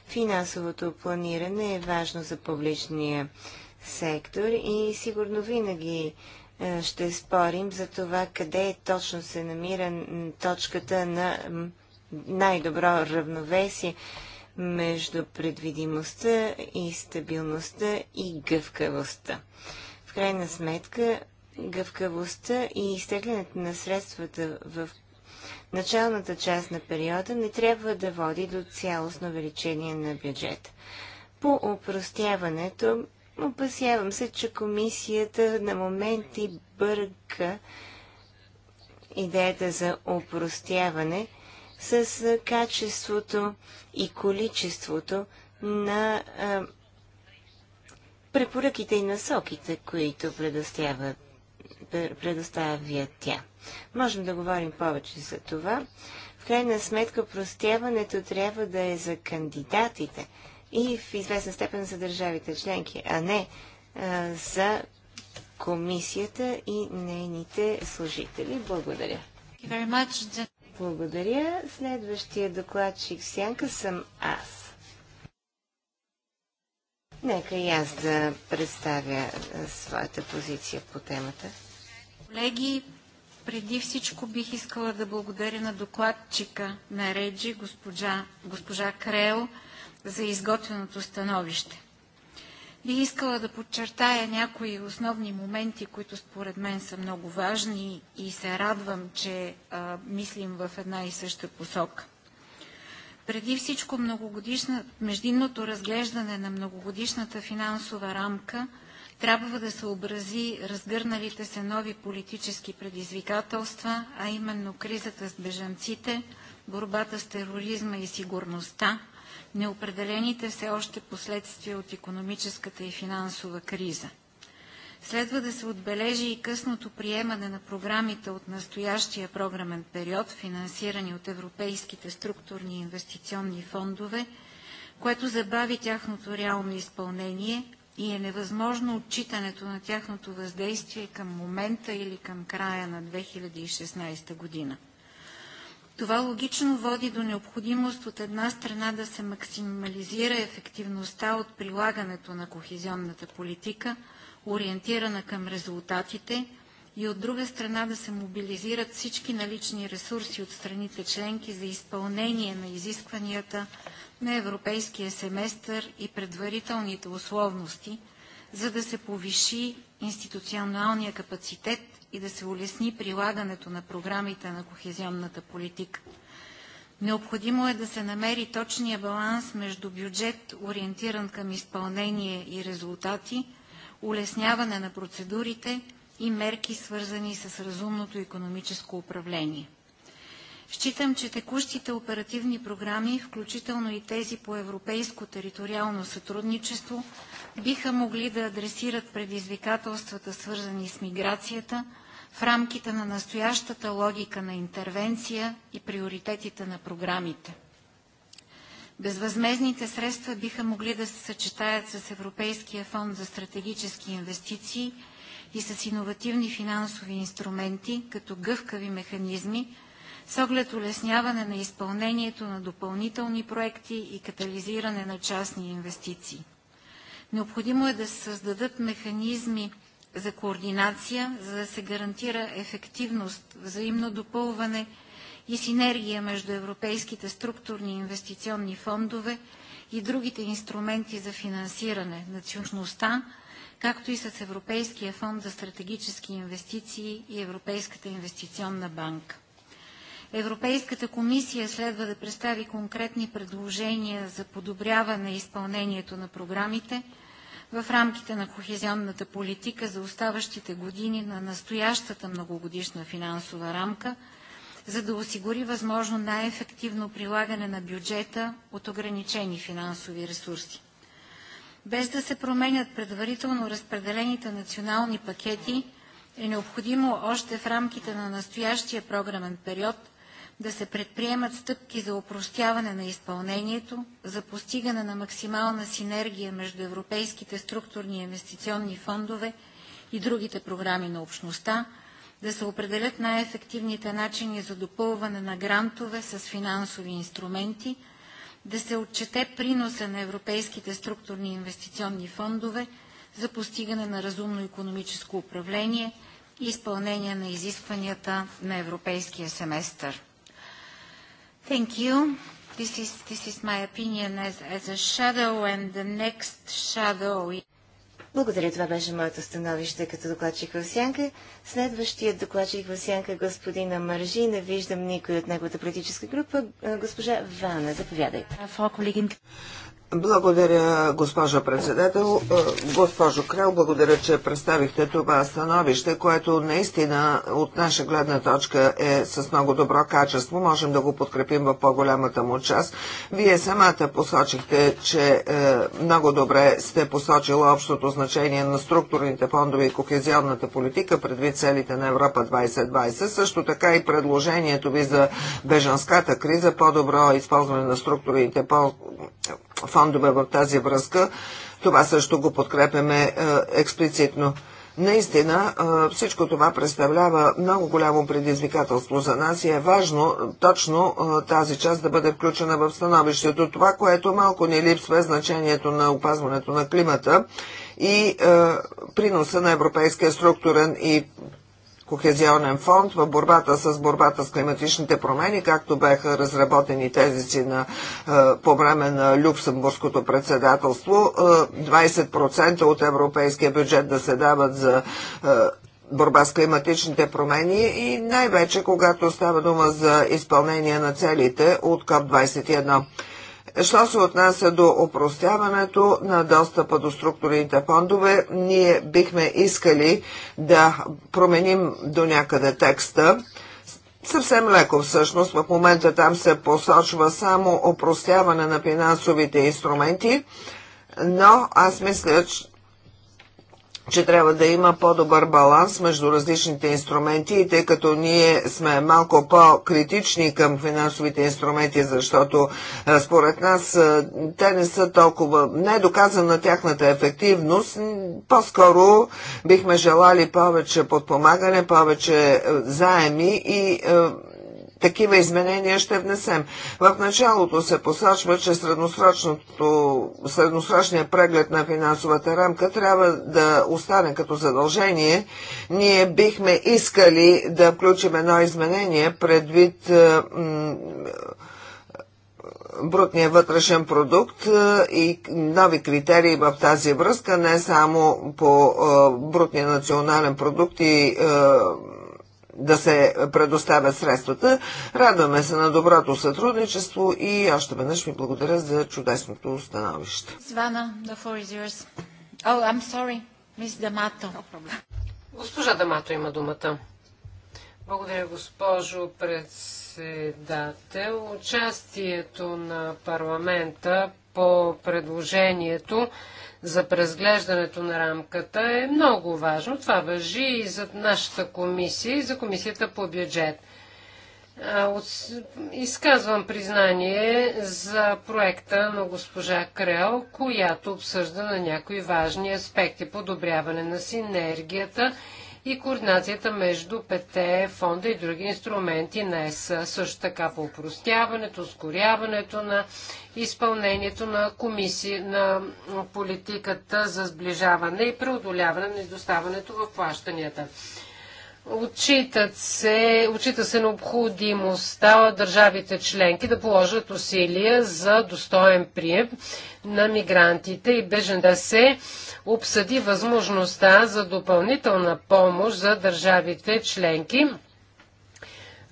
Финансовото планиране е важно за публичния сектор и сигурно винаги е, ще спорим за това къде точно се намира точката на най-добро равновесие между предвидимостта и стабилността и гъвкавостта. В крайна сметка, гъвкавостта и изтеглянето на средствата в началната част на периода не трябва да води до цялостно увеличение на бюджета. По упростяването, опасявам се, че комисията на моменти бърка идеята за упростяване с качеството и количеството на а, препоръките и насоките, които предоставят предоставя тя. Можем да говорим повече за това. В крайна сметка простяването трябва да е за кандидатите и в известна степен за държавите членки, а не а, за комисията и нейните служители. Благодаря. Благодаря. Следващия докладчик сянка съм аз. Нека и аз да представя своята позиция по темата. Колеги, преди всичко бих искала да благодаря на докладчика на Реджи, госпожа, госпожа Крел, за изготвеното становище. Бих искала да подчертая някои основни моменти, които според мен са много важни и се радвам, че а, мислим в една и съща посока. Преди всичко междинното разглеждане на многогодишната финансова рамка – трябва да съобрази разгърналите се нови политически предизвикателства, а именно кризата с бежанците, борбата с тероризма и сигурността, неопределените все още последствия от економическата и финансова криза. Следва да се отбележи и късното приемане на програмите от настоящия програмен период, финансирани от европейските структурни инвестиционни фондове, което забави тяхното реално изпълнение, и е невъзможно отчитането на тяхното въздействие към момента или към края на 2016 година. Това логично води до необходимост от една страна да се максимализира ефективността от прилагането на кохезионната политика, ориентирана към резултатите, и от друга страна да се мобилизират всички налични ресурси от страните членки за изпълнение на изискванията на европейския семестър и предварителните условности, за да се повиши институционалния капацитет и да се улесни прилагането на програмите на кохезионната политика. Необходимо е да се намери точния баланс между бюджет, ориентиран към изпълнение и резултати, улесняване на процедурите и мерки, свързани с разумното економическо управление. Считам, че текущите оперативни програми, включително и тези по европейско териториално сътрудничество, биха могли да адресират предизвикателствата, свързани с миграцията, в рамките на настоящата логика на интервенция и приоритетите на програмите. Безвъзмезните средства биха могли да се съчетаят с Европейския фонд за стратегически инвестиции и с иновативни финансови инструменти, като гъвкави механизми, с оглед улесняване на изпълнението на допълнителни проекти и катализиране на частни инвестиции. Необходимо е да се създадат механизми за координация, за да се гарантира ефективност, взаимно допълване и синергия между европейските структурни инвестиционни фондове и другите инструменти за финансиране на чужността, както и с Европейския фонд за стратегически инвестиции и Европейската инвестиционна банка. Европейската комисия следва да представи конкретни предложения за подобряване изпълнението на програмите в рамките на кохезионната политика за оставащите години на настоящата многогодишна финансова рамка, за да осигури възможно най-ефективно прилагане на бюджета от ограничени финансови ресурси. Без да се променят предварително разпределените национални пакети, е необходимо още в рамките на настоящия програмен период да се предприемат стъпки за упростяване на изпълнението, за постигане на максимална синергия между европейските структурни и инвестиционни фондове и другите програми на общността, да се определят най-ефективните начини за допълване на грантове с финансови инструменти, да се отчете приноса на европейските структурни и инвестиционни фондове за постигане на разумно економическо управление и изпълнение на изискванията на европейския семестър. Thank you. This is, this is my opinion as, as a shadow and the next shadow. Благодаря, това беше моето становище като докладчик в Сянка. Следващият докладчик в Сянка, господина Маржи, не виждам никой от неговата политическа група. Госпожа Вана, заповядайте. Благодаря, госпожо председател. Е, госпожо Крал, благодаря, че представихте това становище, което наистина от наша гледна точка е с много добро качество. Можем да го подкрепим в по-голямата му част. Вие самата посочихте, че е, много добре сте посочила общото значение на структурните фондове и кохезионната политика предвид целите на Европа 2020. Също така и предложението ви за бежанската криза, по-добро използване на структурните по фондове в тази връзка. Това също го подкрепяме е, експлицитно. Наистина е, всичко това представлява много голямо предизвикателство за нас и е важно е, точно тази част да бъде включена в становището. Това, което малко ни липсва е значението на опазването на климата и приноса на Европейския структурен и Кохезионен фонд в борбата с борбата с климатичните промени, както бяха разработени тезици на, е, по време на Люксембургското председателство. 20% е, от европейския бюджет да се дават за е, борба с климатичните промени и най-вече когато става дума за изпълнение на целите от КАП 21 Що се отнася до опростяването на достъпа до структурните фондове, ние бихме искали да променим до някъде текста. Съвсем леко всъщност, в момента там се посочва само опростяване на финансовите инструменти, но аз мисля, че че трябва да има по-добър баланс между различните инструменти и тъй като ние сме малко по-критични към финансовите инструменти, защото според нас те не са толкова, не е доказана тяхната ефективност, по-скоро бихме желали повече подпомагане, повече заеми и такива изменения ще внесем. В началото се посочва, че средносрочният преглед на финансовата рамка трябва да остане като задължение. Ние бихме искали да включим едно изменение предвид е, брутния вътрешен продукт е, и нови критерии в тази връзка, не само по е, брутния национален продукт и да се предоставят средствата. Радваме се на доброто сътрудничество и още веднъж ми благодаря за чудесното становище. Звана, the floor is yours. Oh, I'm sorry, Miss D'Amato. Госпожа Дамато има думата. Благодаря, госпожо председател. Участието на парламента по предложението за преразглеждането на рамката е много важно. Това въжи и за нашата комисия, и за комисията по бюджет. Изказвам признание за проекта на госпожа Крел, която обсъжда на някои важни аспекти подобряване на синергията и координацията между пете фонда и други инструменти на ЕС. Също така по упростяването, ускоряването на изпълнението на комисии на политиката за сближаване и преодоляване на изоставането в плащанията. Отчитат се, отчита се необходимостта държавите членки да положат усилия за достоен прием на мигрантите и бежен да се обсъди възможността за допълнителна помощ за държавите членки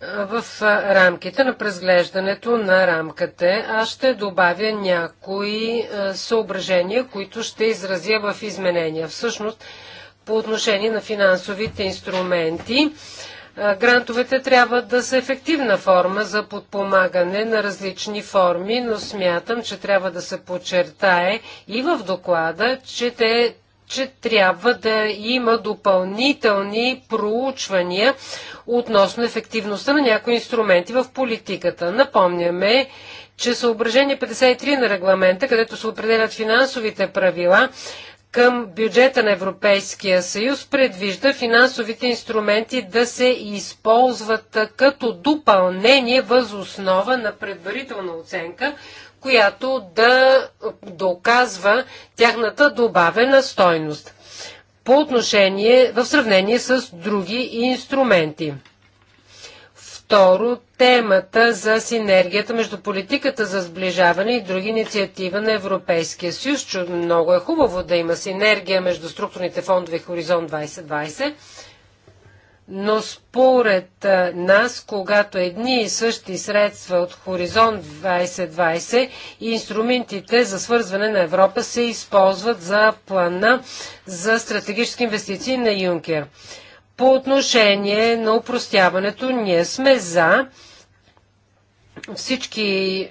в рамките на презглеждането на рамката. Аз ще добавя някои съображения, които ще изразя в изменения. Всъщност, по отношение на финансовите инструменти, грантовете трябва да са ефективна форма за подпомагане на различни форми, но смятам, че трябва да се подчертае и в доклада, че те че трябва да има допълнителни проучвания относно ефективността на някои инструменти в политиката. Напомняме, че съображение 53 на регламента, където се определят финансовите правила към бюджета на Европейския съюз, предвижда финансовите инструменти да се използват като допълнение въз основа на предварителна оценка, която да доказва тяхната добавена стойност по отношение в сравнение с други инструменти. Второ, темата за синергията между политиката за сближаване и други инициатива на Европейския съюз. че Много е хубаво да има синергия между структурните фондове Хоризонт 2020 но според нас, когато едни и същи средства от Хоризонт 2020 и инструментите за свързване на Европа се използват за плана за стратегически инвестиции на Юнкер. По отношение на упростяването, ние сме за всички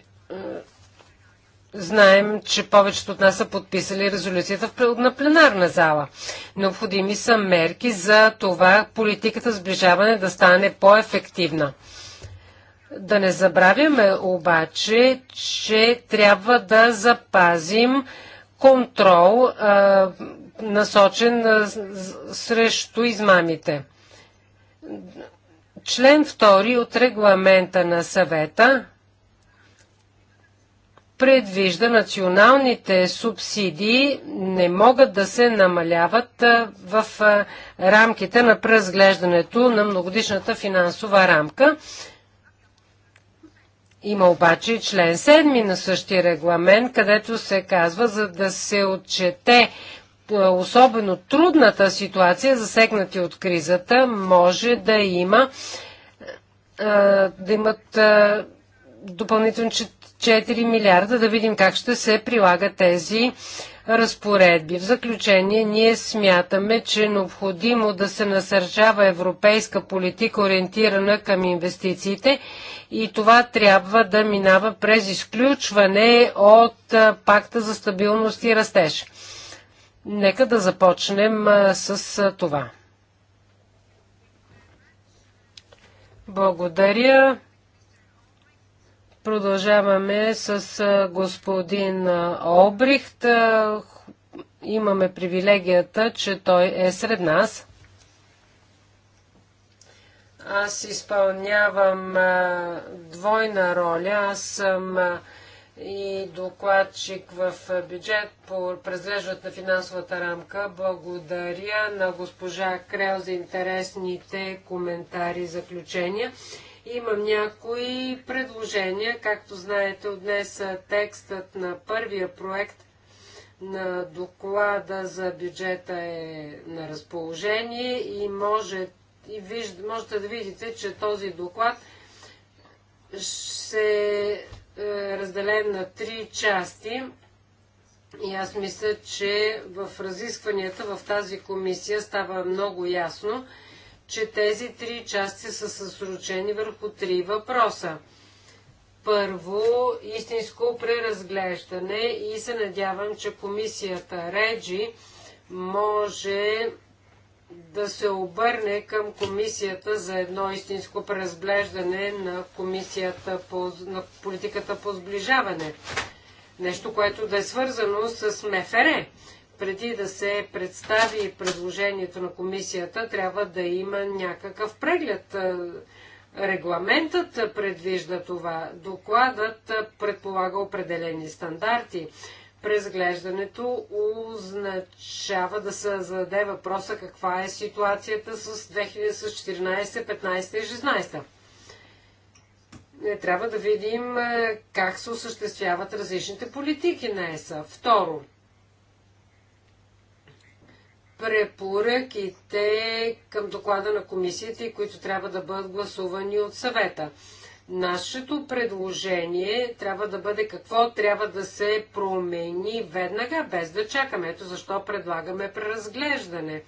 Знаем, че повечето от нас са подписали резолюцията на пленарна зала. Необходими са мерки за това политиката сближаване да стане по-ефективна. Да не забравяме обаче, че трябва да запазим контрол, а, насочен а, срещу измамите. Член 2 от регламента на съвета предвижда националните субсидии не могат да се намаляват в рамките на преразглеждането на многодишната финансова рамка. Има обаче и член 7 на същия регламент, където се казва, за да се отчете особено трудната ситуация, засегнати от кризата, може да има да имат допълнително 4 милиарда, да видим как ще се прилагат тези разпоредби. В заключение, ние смятаме, че е необходимо да се насърчава европейска политика, ориентирана към инвестициите и това трябва да минава през изключване от пакта за стабилност и растеж. Нека да започнем с това. Благодаря. Продължаваме с господин Обрихт. Имаме привилегията, че той е сред нас. Аз изпълнявам двойна роля. Аз съм и докладчик в бюджет по презлежването на финансовата рамка. Благодаря на госпожа Крел за интересните коментари и заключения. Имам някои предложения. Както знаете, днес текстът на първия проект на доклада за бюджета е на разположение и може, и вижд, можете да видите, че този доклад се е разделен на три части. И аз мисля, че в разискванията в тази комисия става много ясно, че тези три части са съсрочени върху три въпроса. Първо, истинско преразглеждане и се надявам, че комисията Реджи може да се обърне към комисията за едно истинско преразглеждане на комисията по, на политиката по сближаване. Нещо, което да е свързано с МФР преди да се представи предложението на комисията, трябва да има някакъв преглед. Е, регламентът предвижда това. Докладът предполага определени стандарти. Презглеждането означава да се зададе въпроса каква е ситуацията с 2014, 15 и 16 е, трябва да видим е, как се осъществяват различните политики на ЕСА. Второ, препоръките към доклада на комисията и които трябва да бъдат гласувани от съвета. Нашето предложение трябва да бъде какво трябва да се промени веднага, без да чакаме. Ето защо предлагаме преразглеждане,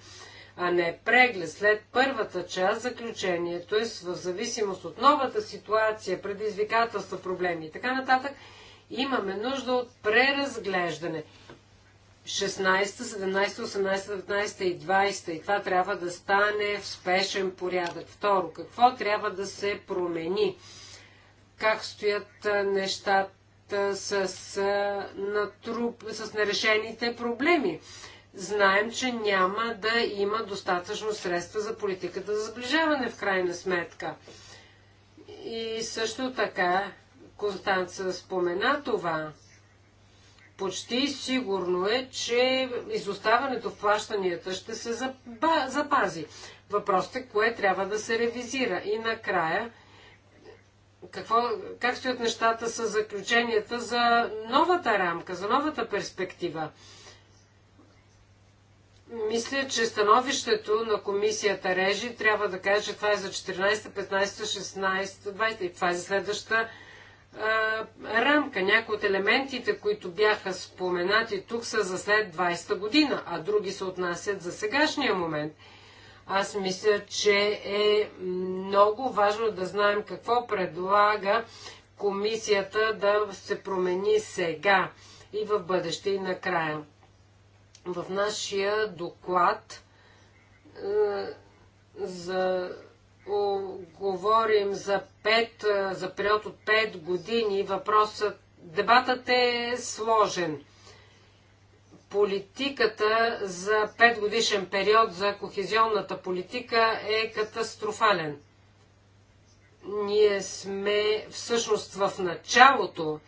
а не преглед. След първата част заключението е в зависимост от новата ситуация, предизвикателства, проблеми и така нататък. Имаме нужда от преразглеждане. 16, 17, 18, 19 и 20. И това трябва да стане в спешен порядък. Второ, какво трябва да се промени? Как стоят нещата с, труп, с нерешените проблеми? Знаем, че няма да има достатъчно средства за политиката за сближаване в крайна сметка. И също така Констанца спомена това. Почти сигурно е, че изоставането в плащанията ще се запази. Въпросът е кое трябва да се ревизира. И накрая, какво, как стоят нещата с заключенията за новата рамка, за новата перспектива? Мисля, че становището на комисията Режи трябва да каже, че това е за 14, 15, 16, 20 и това е за следващата рамка. Някои от елементите, които бяха споменати тук, са за след 20-та година, а други се отнасят за сегашния момент. Аз мисля, че е много важно да знаем какво предлага комисията да се промени сега и в бъдеще и накрая. В нашия доклад е, за говорим за, пет, за период от 5 години, въпросът, дебатът е сложен. Политиката за 5 годишен период за кохезионната политика е катастрофален. Ние сме всъщност в началото.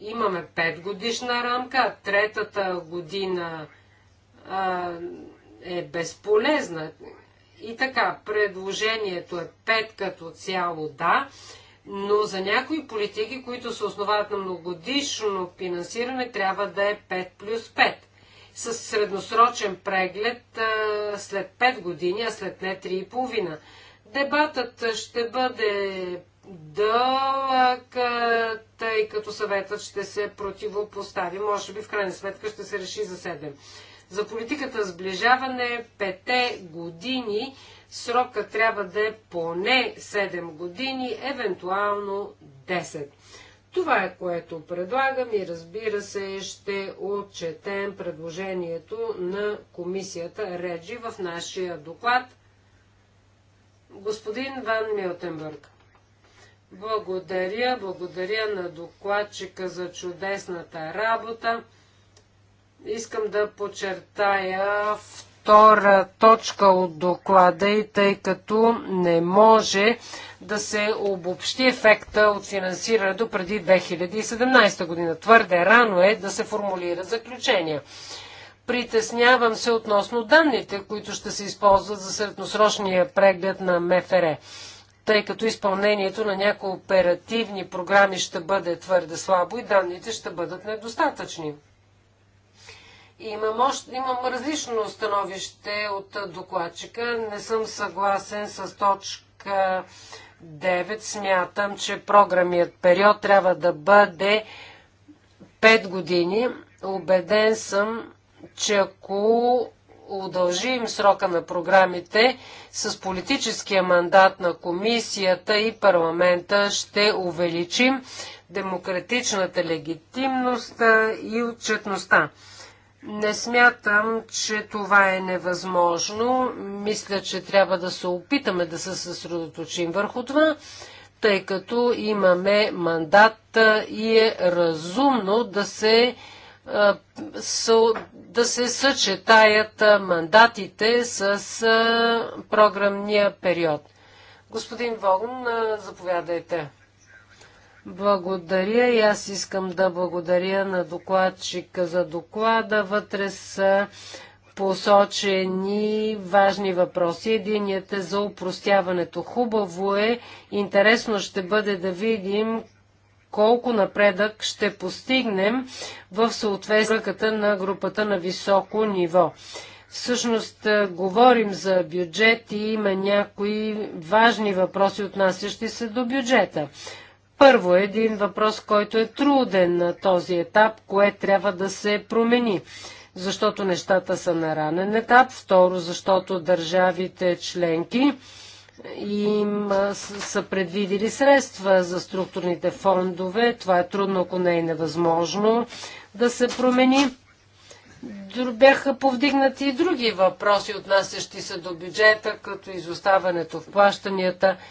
Имаме 5 годишна рамка, третата година а, е безполезна и така, предложението е 5 като цяло да, но за някои политики, които се основават на многодишно финансиране, трябва да е 5 плюс 5. С средносрочен преглед а, след 5 години, а след не 3,5. Дебатът ще бъде дълъг, тъй като съветът ще се противопостави. Може би в крайна сметка ще се реши за 7. За политиката сближаване 5 години срока трябва да е поне 7 години, евентуално 10. Това е което предлагам и разбира се ще отчетем предложението на комисията Реджи в нашия доклад. Господин Ван Милтенбърг. Благодаря, благодаря на докладчика за чудесната работа. Искам да подчертая втора точка от доклада и тъй като не може да се обобщи ефекта от финансирането преди 2017 година. Твърде рано е да се формулира заключение. Притеснявам се относно данните, които ще се използват за средносрочния преглед на МФР, тъй като изпълнението на някои оперативни програми ще бъде твърде слабо и данните ще бъдат недостатъчни. Имам, още, имам различно становище от докладчика. Не съм съгласен с точка 9. Смятам, че програмният период трябва да бъде 5 години. Обеден съм, че ако удължим срока на програмите с политическия мандат на комисията и парламента, ще увеличим демократичната легитимност и отчетността. Не смятам, че това е невъзможно. Мисля, че трябва да се опитаме да се съсредоточим върху това, тъй като имаме мандат и е разумно да се, да се съчетаят мандатите с програмния период. Господин Вогн, заповядайте. Благодаря и аз искам да благодаря на докладчика за доклада. Вътре са посочени важни въпроси. Единият е за упростяването. Хубаво е, интересно ще бъде да видим колко напредък ще постигнем в съответствията на групата на високо ниво. Всъщност е, говорим за бюджет и има някои важни въпроси, отнасящи се до бюджета. Първо е един въпрос, който е труден на този етап, кое трябва да се промени, защото нещата са на ранен етап. Второ, защото държавите членки им са предвидили средства за структурните фондове. Това е трудно, ако не е невъзможно да се промени. Бяха повдигнати и други въпроси, отнасящи се до бюджета, като изоставането в плащанията –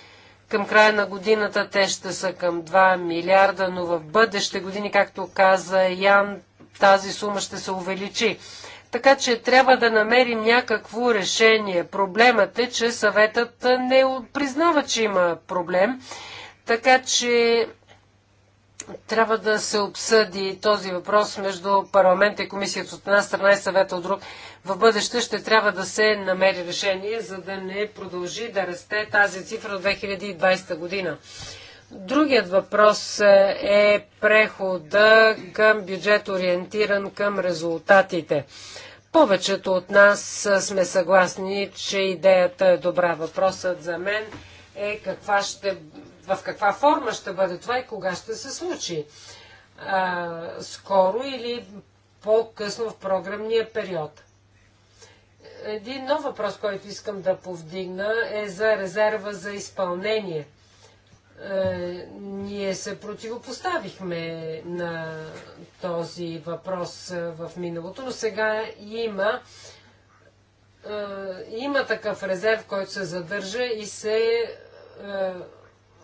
към края на годината те ще са към 2 милиарда, но в бъдеще години, както каза Ян, тази сума ще се увеличи. Така че трябва да намерим някакво решение. Проблемът е, че съветът не признава, че има проблем. Така че трябва да се обсъди този въпрос между парламента и комисията от една страна и съвета от друг. В бъдеще ще трябва да се намери решение, за да не продължи да расте тази цифра от 2020 година. Другият въпрос е прехода към бюджет ориентиран към резултатите. Повечето от нас сме съгласни, че идеята е добра. Въпросът за мен е каква ще, в каква форма ще бъде това и кога ще се случи. А, скоро или по-късно в програмния период. Един нов въпрос, който искам да повдигна е за резерва за изпълнение. Е, ние се противопоставихме на този въпрос е, в миналото, но сега има е, има такъв резерв, който се задържа и се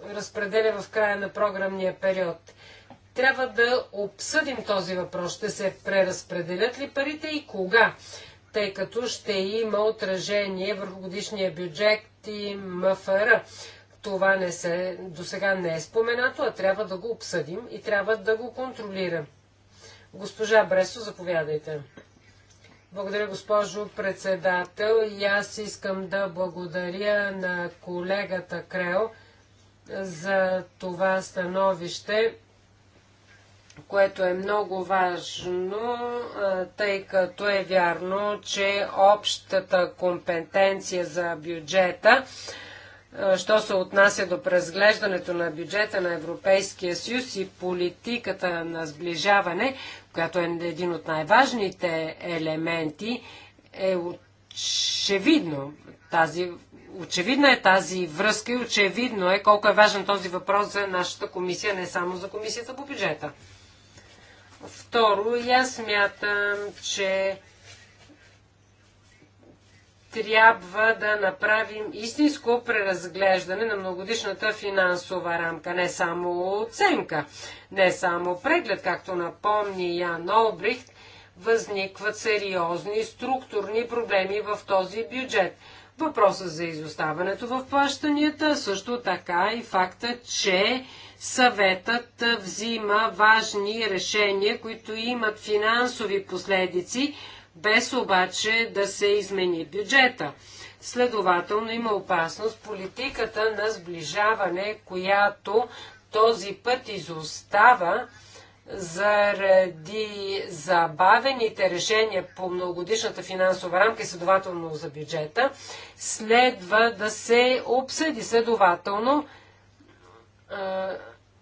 разпределя в края на програмния период. Трябва да обсъдим този въпрос. Ще се преразпределят ли парите и кога? Тъй като ще има отражение върху годишния бюджет и МФР. Това не се, до сега не е споменато, а трябва да го обсъдим и трябва да го контролирам. Госпожа Бресо, заповядайте. Благодаря, госпожо председател. И аз искам да благодаря на колегата Крел за това становище, което е много важно, тъй като е вярно, че общата компетенция за бюджета, що се отнася до презглеждането на бюджета на Европейския съюз и политиката на сближаване, която е един от най-важните елементи, е от очевидно тази, очевидна е тази връзка и очевидно е колко е важен този въпрос за нашата комисия, не само за комисията по бюджета. Второ, и аз смятам, че трябва да направим истинско преразглеждане на многодишната финансова рамка, не само оценка, не само преглед, както напомни Ян Олбрихт, възникват сериозни структурни проблеми в този бюджет. Въпросът за изоставането в плащанията, също така и факта, че съветът взима важни решения, които имат финансови последици, без обаче да се измени бюджета. Следователно има опасност политиката на сближаване, която този път изостава, заради забавените решения по многогодишната финансова рамка и следователно за бюджета, следва да се обсъди следователно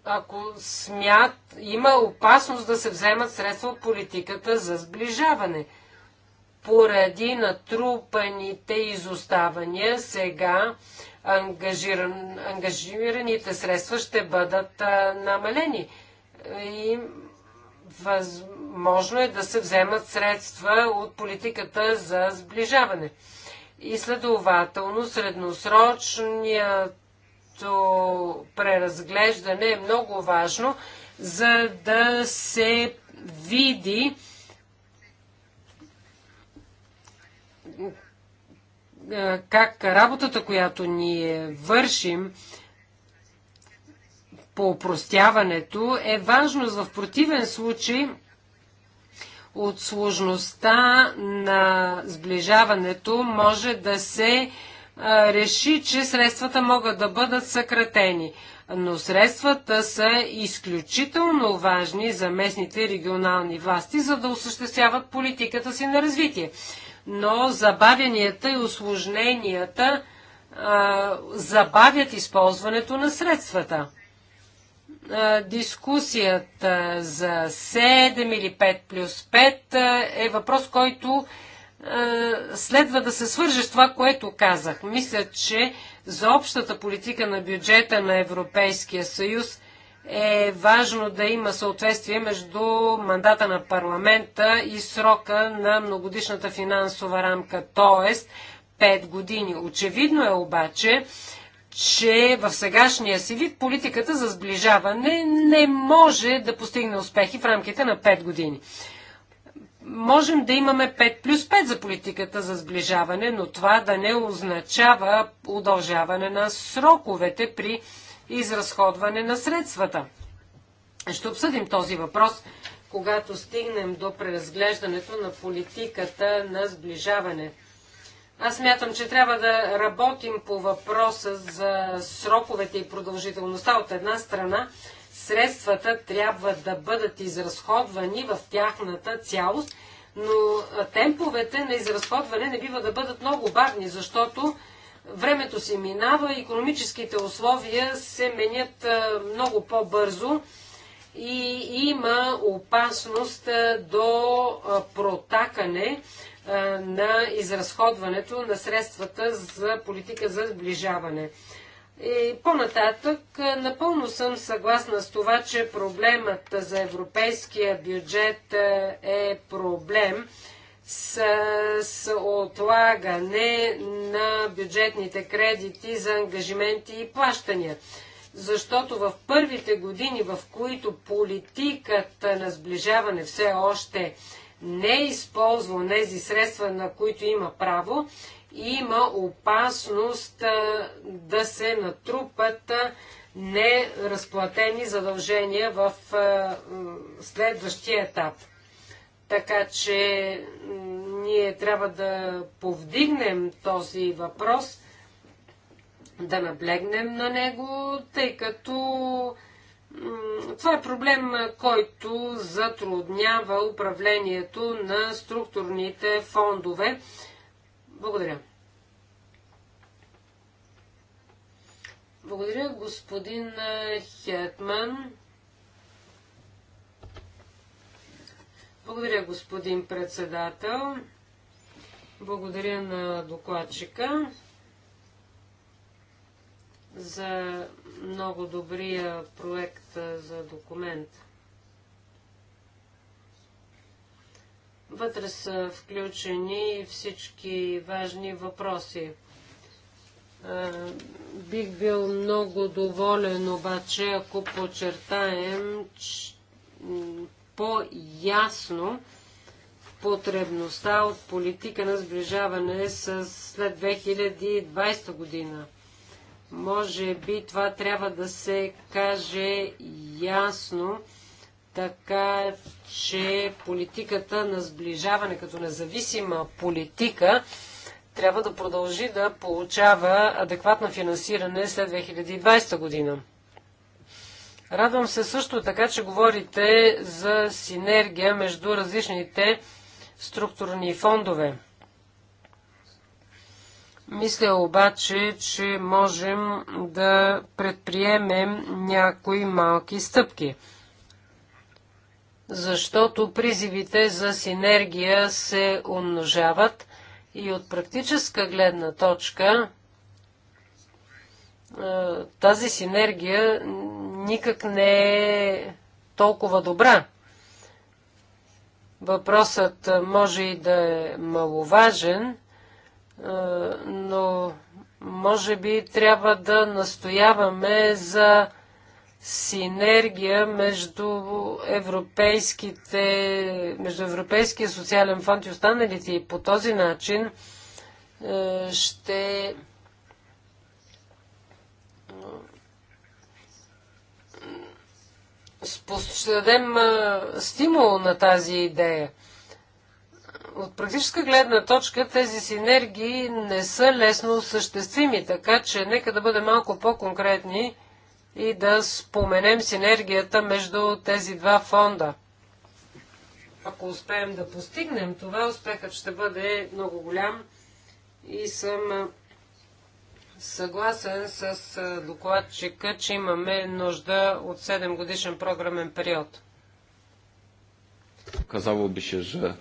ако смят, има опасност да се вземат средства от политиката за сближаване. Поради натрупаните изоставания сега ангажиран, ангажираните средства ще бъдат а, намалени и възможно е да се вземат средства от политиката за сближаване. И следователно, средносрочният преразглеждане е много важно, за да се види как работата, която ние вършим, по упростяването е важно. В противен случай от сложността на сближаването може да се реши, че средствата могат да бъдат съкратени. Но средствата са изключително важни за местните регионални власти, за да осъществяват политиката си на развитие. Но забавянията и осложненията забавят използването на средствата дискусията за 7 или 5 плюс 5 е въпрос, който следва да се свърже с това, което казах. Мисля, че за общата политика на бюджета на Европейския съюз е важно да има съответствие между мандата на парламента и срока на многодишната финансова рамка, т.е. 5 години. Очевидно е обаче, че в сегашния си вид политиката за сближаване не може да постигне успехи в рамките на 5 години. Можем да имаме 5 плюс 5 за политиката за сближаване, но това да не означава удължаване на сроковете при изразходване на средствата. Ще обсъдим този въпрос, когато стигнем до преразглеждането на политиката на сближаване. Аз мятам, че трябва да работим по въпроса за сроковете и продължителността от една страна. Средствата трябва да бъдат изразходвани в тяхната цялост, но темповете на изразходване не бива да бъдат много бавни, защото времето си минава, економическите условия се менят много по-бързо и има опасност до протакане на изразходването на средствата за политика за сближаване. И по-нататък, напълно съм съгласна с това, че проблемът за европейския бюджет е проблем с, с отлагане на бюджетните кредити за ангажименти и плащания. Защото в първите години, в които политиката на сближаване все още е не е използвал тези средства, на които има право, има опасност да се натрупат неразплатени задължения в следващия етап. Така че ние трябва да повдигнем този въпрос, да наблегнем на него, тъй като това е проблем, който затруднява управлението на структурните фондове. Благодаря. Благодаря, господин Хетман. Благодаря, господин председател. Благодаря на докладчика за много добрия проект за документ. Вътре са включени всички важни въпроси. Бих бил много доволен обаче, ако подчертаем по-ясно потребността от политика на сближаване с след 2020 година – може би това трябва да се каже ясно, така че политиката на сближаване като независима политика трябва да продължи да получава адекватно финансиране след 2020 година. Радвам се също така, че говорите за синергия между различните структурни фондове. Мисля обаче, че можем да предприемем някои малки стъпки. Защото призивите за синергия се умножават и от практическа гледна точка е, тази синергия никак не е толкова добра. Въпросът може и да е маловажен, е, но може би трябва да настояваме за синергия между европейските, между Европейския социален фонд и останалите и по този начин е, ще е, ще дадем стимул на тази идея от практическа гледна точка тези синергии не са лесно осъществими, така че нека да бъдем малко по-конкретни и да споменем синергията между тези два фонда. Ако успеем да постигнем това, успехът ще бъде много голям и съм съгласен с докладчика, че имаме нужда от 7 годишен програмен период. Казало би се, че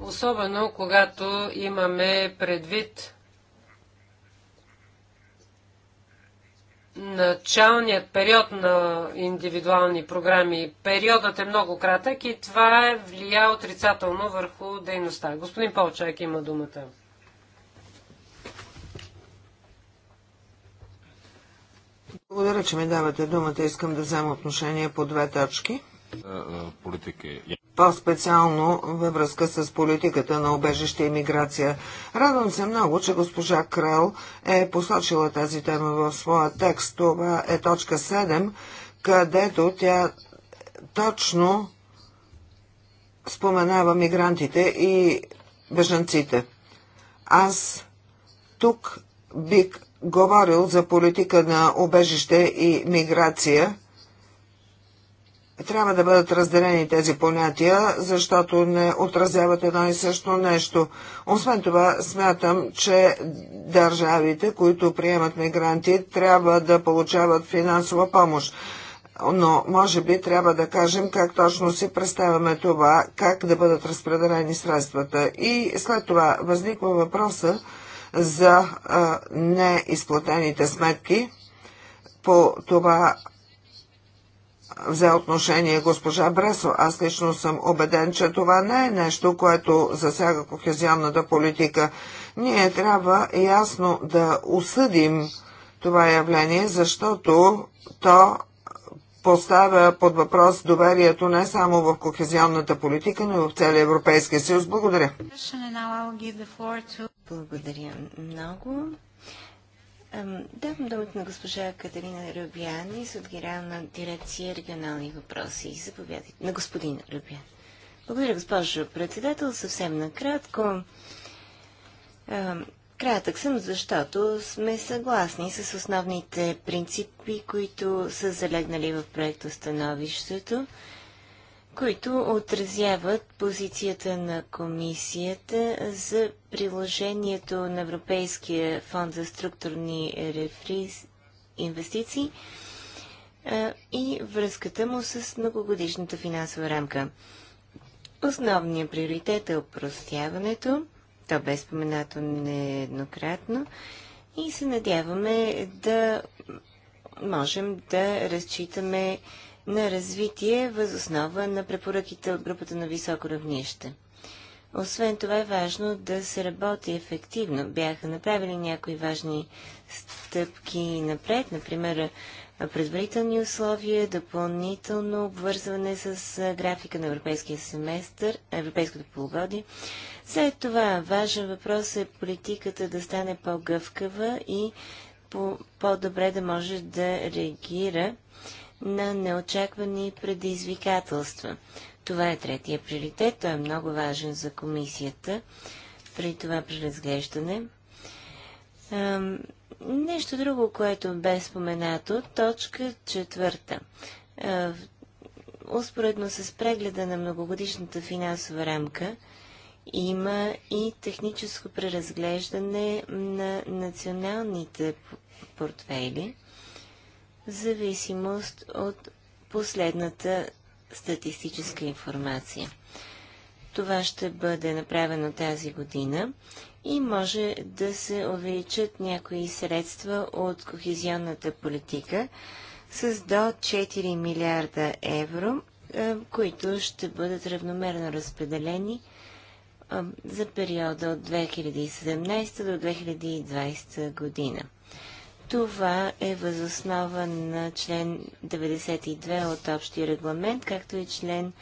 Особено когато имаме предвид началният период на индивидуални програми. Периодът е много кратък и това е влия отрицателно върху дейността. Господин Полчак има думата. Благодаря, че ми давате думата. Искам да взема отношение по две точки политики. По-специално във връзка с политиката на обежище и миграция. Радвам се много, че госпожа Крел е посочила тази тема в своя текст. Това е точка 7, където тя точно споменава мигрантите и бежанците. Аз тук бих говорил за политика на обежище и миграция трябва да бъдат разделени тези понятия, защото не отразяват едно и също нещо. Освен това, смятам, че държавите, които приемат мигранти, трябва да получават финансова помощ. Но, може би, трябва да кажем как точно си представяме това, как да бъдат разпределени средствата. И след това възниква въпроса за а, неизплатените сметки по това взе отношение госпожа Бресо. Аз лично съм убеден, че това не е нещо, което засяга кохезионната политика. Ние трябва ясно да осъдим това явление, защото то поставя под въпрос доверието не само в кохезионната политика, но и в целия Европейския съюз. Благодаря. Благодаря много. Давам думата на госпожа Катерина Рубянис от на дирекция регионални въпроси. Заповядайте. На господин Рубян. Благодаря, госпожо председател. Съвсем накратко. Кратък съм, защото сме съгласни с основните принципи, които са залегнали в проекта становището които отразяват позицията на комисията за приложението на Европейския фонд за структурни рефриз... инвестиции и връзката му с многогодишната финансова рамка. Основният приоритет е опростяването, то бе споменато нееднократно, и се надяваме да можем да разчитаме на развитие възоснова на препоръките от групата на високо равнище. Освен това е важно да се работи ефективно. Бяха направили някои важни стъпки напред, например предварителни условия, допълнително обвързване с графика на европейския семестър, европейското полугодие. След това важен въпрос е политиката да стане по-гъвкава и по-добре -по да може да реагира на неочаквани предизвикателства. Това е третия приоритет. Той е много важен за комисията при това преразглеждане. Нещо друго, което бе споменато, точка четвърта. успоредно с прегледа на многогодишната финансова рамка има и техническо преразглеждане на националните портфели зависимост от последната статистическа информация. Това ще бъде направено тази година и може да се увеличат някои средства от кохезионната политика с до 4 милиарда евро, които ще бъдат равномерно разпределени за периода от 2017 до 2020 година. Това е възоснова на член 92 от общия регламент, както и член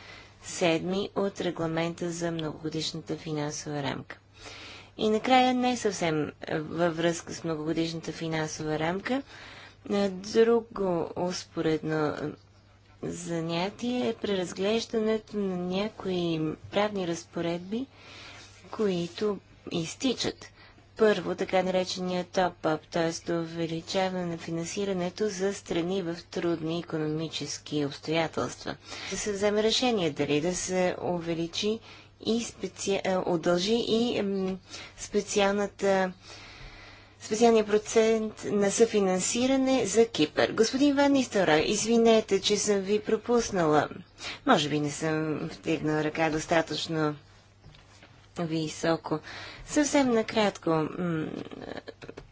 7 от регламента за многогодишната финансова рамка. И накрая не съвсем е, във връзка с многогодишната финансова рамка. Е, друго успоредно е, занятие е преразглеждането на някои правни разпоредби, които изтичат. Първо, така наречения топ-ап, т.е. увеличаване на финансирането за страни в трудни економически обстоятелства. Да се вземе решение дали да се увеличи и специ... удължи и специалната специалния процент на съфинансиране за Кипър. Господин Ван Нистора, извинете, че съм ви пропуснала. Може би не съм втегнала ръка достатъчно високо. Съвсем накратко,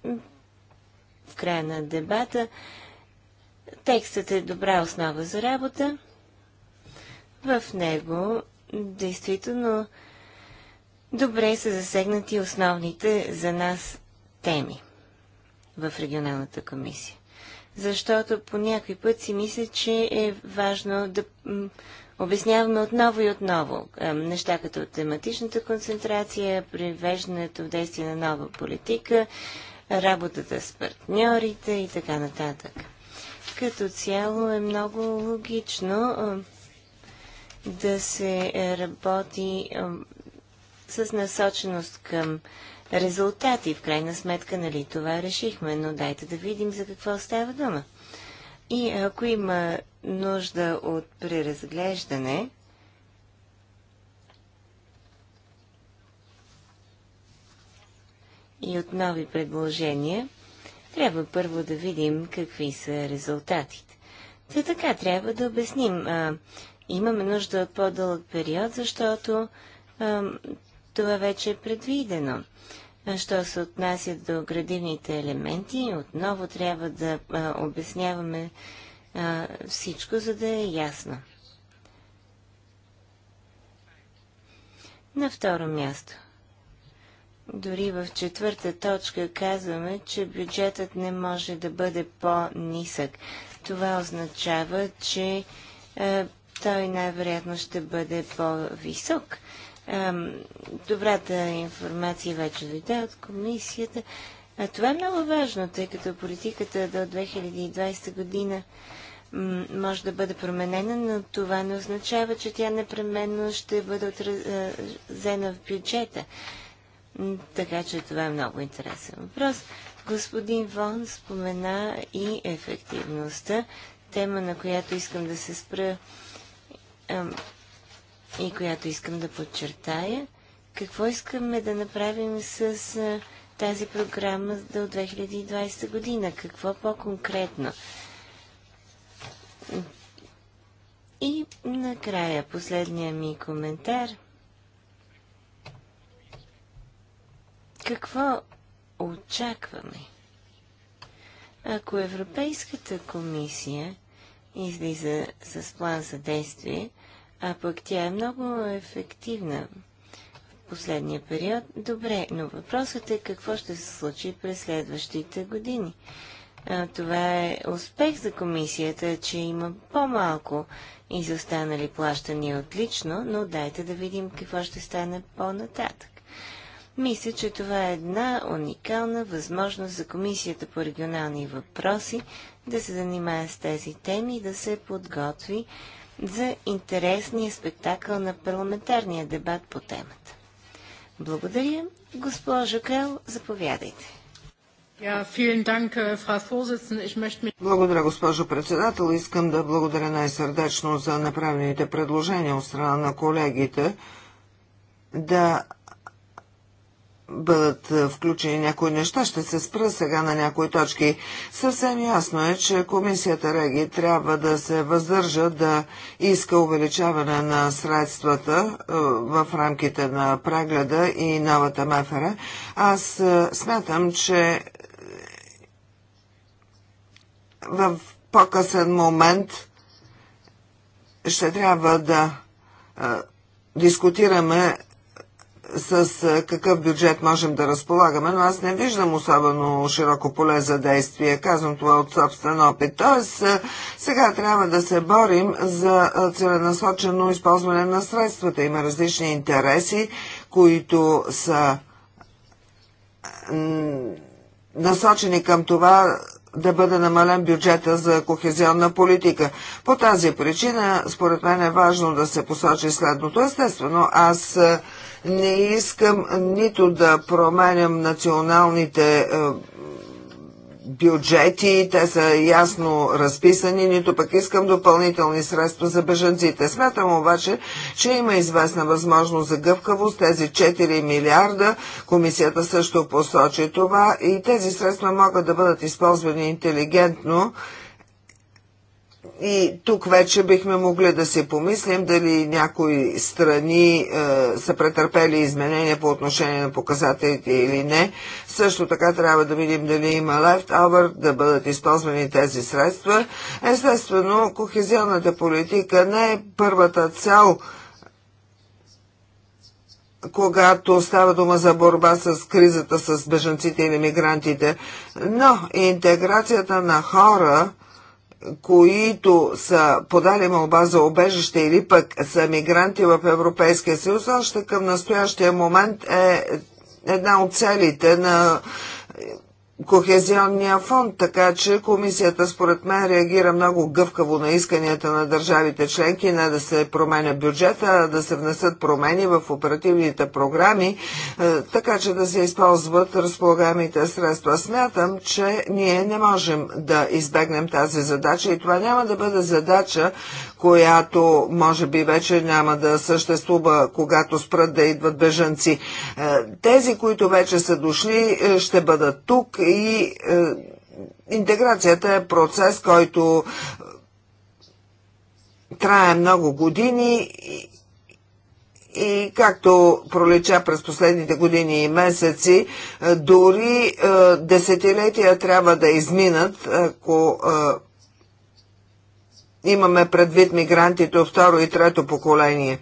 в края на дебата, текстът е добра основа за работа. В него действително добре са засегнати основните за нас теми в регионалната комисия. Защото по някой път си мисля, че е важно да Обясняваме отново и отново е, неща като тематичната концентрация, привеждането в действие на нова политика, работата с партньорите и така нататък. Като цяло е много логично е, да се е, работи с насоченост към резултати. В крайна сметка, нали, това решихме, но дайте да видим за какво става дума. И ако има нужда от преразглеждане. И от нови предложения, трябва първо да видим какви са резултатите. Та така трябва да обясним. А, имаме нужда от по-дълъг период, защото а, това вече е предвидено. Що се отнася до градивните елементи, отново трябва да а, обясняваме а, всичко, за да е ясно. На второ място. Дори в четвърта точка казваме, че бюджетът не може да бъде по-нисък. Това означава, че е, той най-вероятно ще бъде по-висок. Е, добрата информация вече дойде от комисията. А това е много важно, тъй като политиката до 2020 година може да бъде променена, но това не означава, че тя непременно ще бъде отразена в бюджета. Така че това е много интересен въпрос. Господин Вон спомена и ефективността, тема на която искам да се спра и която искам да подчертая. Какво искаме да направим с тази програма до 2020 година? Какво по-конкретно? И накрая последния ми коментар. Какво очакваме? Ако Европейската комисия излиза с план за действие, а пък тя е много ефективна в последния период, добре, но въпросът е какво ще се случи през следващите години това е успех за комисията, че има по-малко изостанали плащания отлично, но дайте да видим какво ще стане по-нататък. Мисля, че това е една уникална възможност за Комисията по регионални въпроси да се занимае с тези теми и да се подготви за интересния спектакъл на парламентарния дебат по темата. Благодаря. Госпожо Крал, заповядайте. Äh, благодаря, госпожо председател. Искам да благодаря най-сърдечно за направените предложения от страна на колегите да бъдат е, включени някои неща. Ще се спра сега на някои точки. Съвсем ясно е, че комисията Реги трябва да се въздържа да иска увеличаване на средствата е, в рамките на прегледа и новата МФР. Аз е, смятам, че в по-късен момент ще трябва да дискутираме с какъв бюджет можем да разполагаме, но аз не виждам особено широко поле за действие. Казвам това от собствен опит. Тоест, сега трябва да се борим за целенасочено използване на средствата. Има различни интереси, които са насочени към това да бъде намален бюджета за кохезионна политика. По тази причина, според мен е важно да се посочи следното. Естествено, аз е, не искам нито да променям националните е, бюджети, те са ясно разписани, нито пък искам допълнителни средства за бежанците. Смятам обаче, че има известна възможност за гъвкавост. Тези 4 милиарда комисията също посочи това и тези средства могат да бъдат използвани интелигентно и тук вече бихме могли да си помислим дали някои страни е, са претърпели изменения по отношение на показателите или не. Също така трябва да видим дали има left hour, да бъдат използвани тези средства. Естествено, кохезионната политика не е първата цел когато става дума за борба с кризата с бежанците или мигрантите, но интеграцията на хора – които са подали молба за обежище или пък са мигранти в Европейския съюз, още към настоящия момент е една от целите на Кохезионния фонд, така че комисията според мен реагира много гъвкаво на исканията на държавите членки не да се променя бюджета, а да се внесат промени в оперативните програми, е, така че да се използват разполагаемите средства. Смятам, че ние не можем да избегнем тази задача и това няма да бъде задача, която може би вече няма да съществува, когато спрат да идват бежанци. Е, тези, които вече са дошли, е, ще бъдат тук и е, интеграцията е процес, който е, трае много години и както пролича през последните години и месеци, е, дори е, десетилетия трябва да изминат, ако е, имаме предвид мигрантите от второ и трето поколение.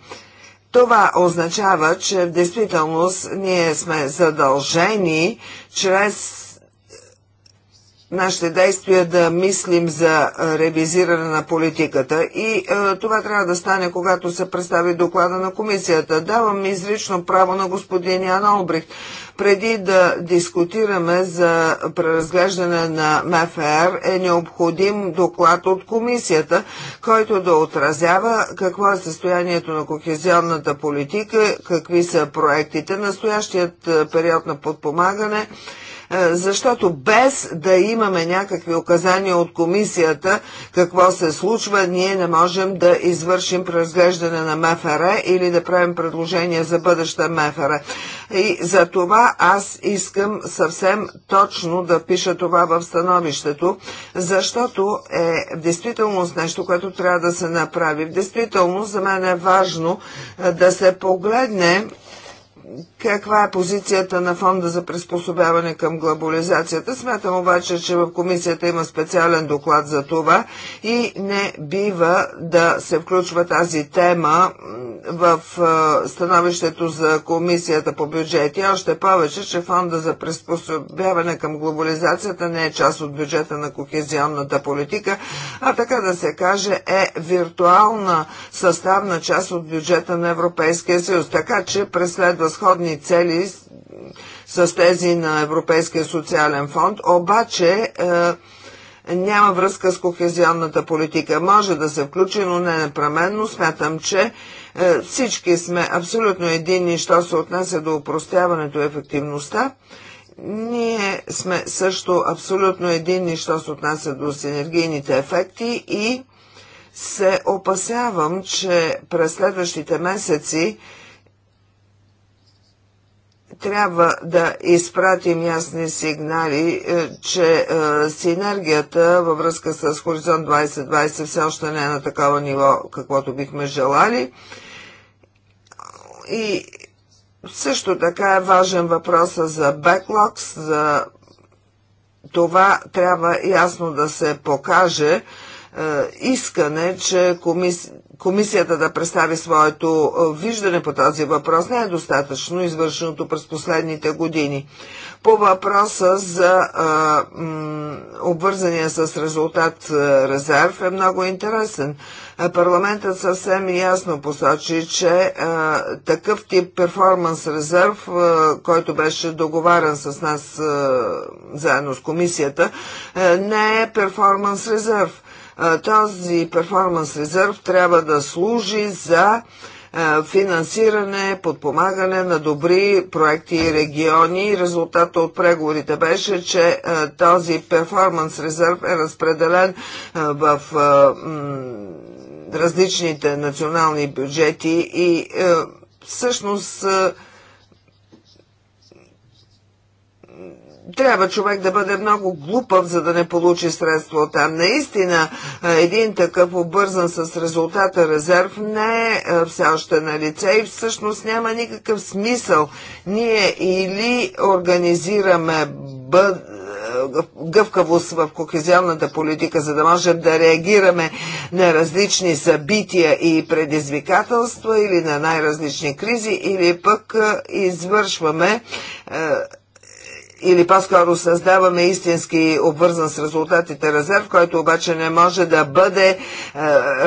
Това означава, че в действителност ние сме задължени чрез нашите действия да мислим за ревизиране на политиката и е, това трябва да стане, когато се представи доклада на комисията. Давам изрично право на господин Ян Олбрих. Преди да дискутираме за преразглеждане на МФР е необходим доклад от комисията, който да отразява какво е състоянието на кохезионната политика, какви са проектите, настоящият период на подпомагане – е, защото без да имаме някакви указания от комисията какво се случва, ние не можем да извършим преразглеждане на МФР или да правим предложения за бъдеща МФР. И за това аз искам съвсем точно да пиша това в становището, защото е в действителност нещо, което трябва да се направи. В действителност за мен е важно е, да се погледне каква е позицията на фонда за приспособяване към глобализацията. Смятам обаче, че в комисията има специален доклад за това и не бива да се включва тази тема в становището за комисията по бюджети. Още повече, че фонда за приспособяване към глобализацията не е част от бюджета на кохезионната политика, а така да се каже е виртуална съставна част от бюджета на Европейския съюз. Така че преследва сходни цели с тези на Европейския социален фонд, обаче е, няма връзка с кохезионната политика. Може да се включи, но не непременно. Смятам, че е, всички сме абсолютно единни, що се отнася до упростяването и ефективността. Ние сме също абсолютно единни, що се отнася до синергийните ефекти и се опасявам, че през следващите месеци трябва да изпратим ясни сигнали, е, че е, синергията във връзка с Хоризонт 2020 все още не е на такова ниво, каквото бихме желали. И също така е важен въпрос за беклокс, за това трябва ясно да се покаже, е, искане, че комис... комисията да представи своето е, виждане по този въпрос не е достатъчно извършеното през последните години. По въпроса за а, е, м, обвързания с резултат резерв е много интересен. Парламентът съвсем ясно посочи, че а, такъв тип перформанс резерв, а, който беше договарен с нас а, заедно с комисията, а, не е перформанс резерв. Този перформанс резерв трябва да служи за финансиране, подпомагане на добри проекти и региони. Резултата от преговорите беше, че този перформанс резерв е разпределен в различните национални бюджети и всъщност трябва човек да бъде много глупав, за да не получи средство от там. Наистина, един такъв обързан с резултата резерв не е все още на лице и всъщност няма никакъв смисъл. Ние или организираме бъд гъвкавост в кохезионната политика, за да можем да реагираме на различни събития и предизвикателства или на най-различни кризи, или пък извършваме или по-скоро създаваме истински обвързан с резултатите резерв, който обаче не може да бъде е,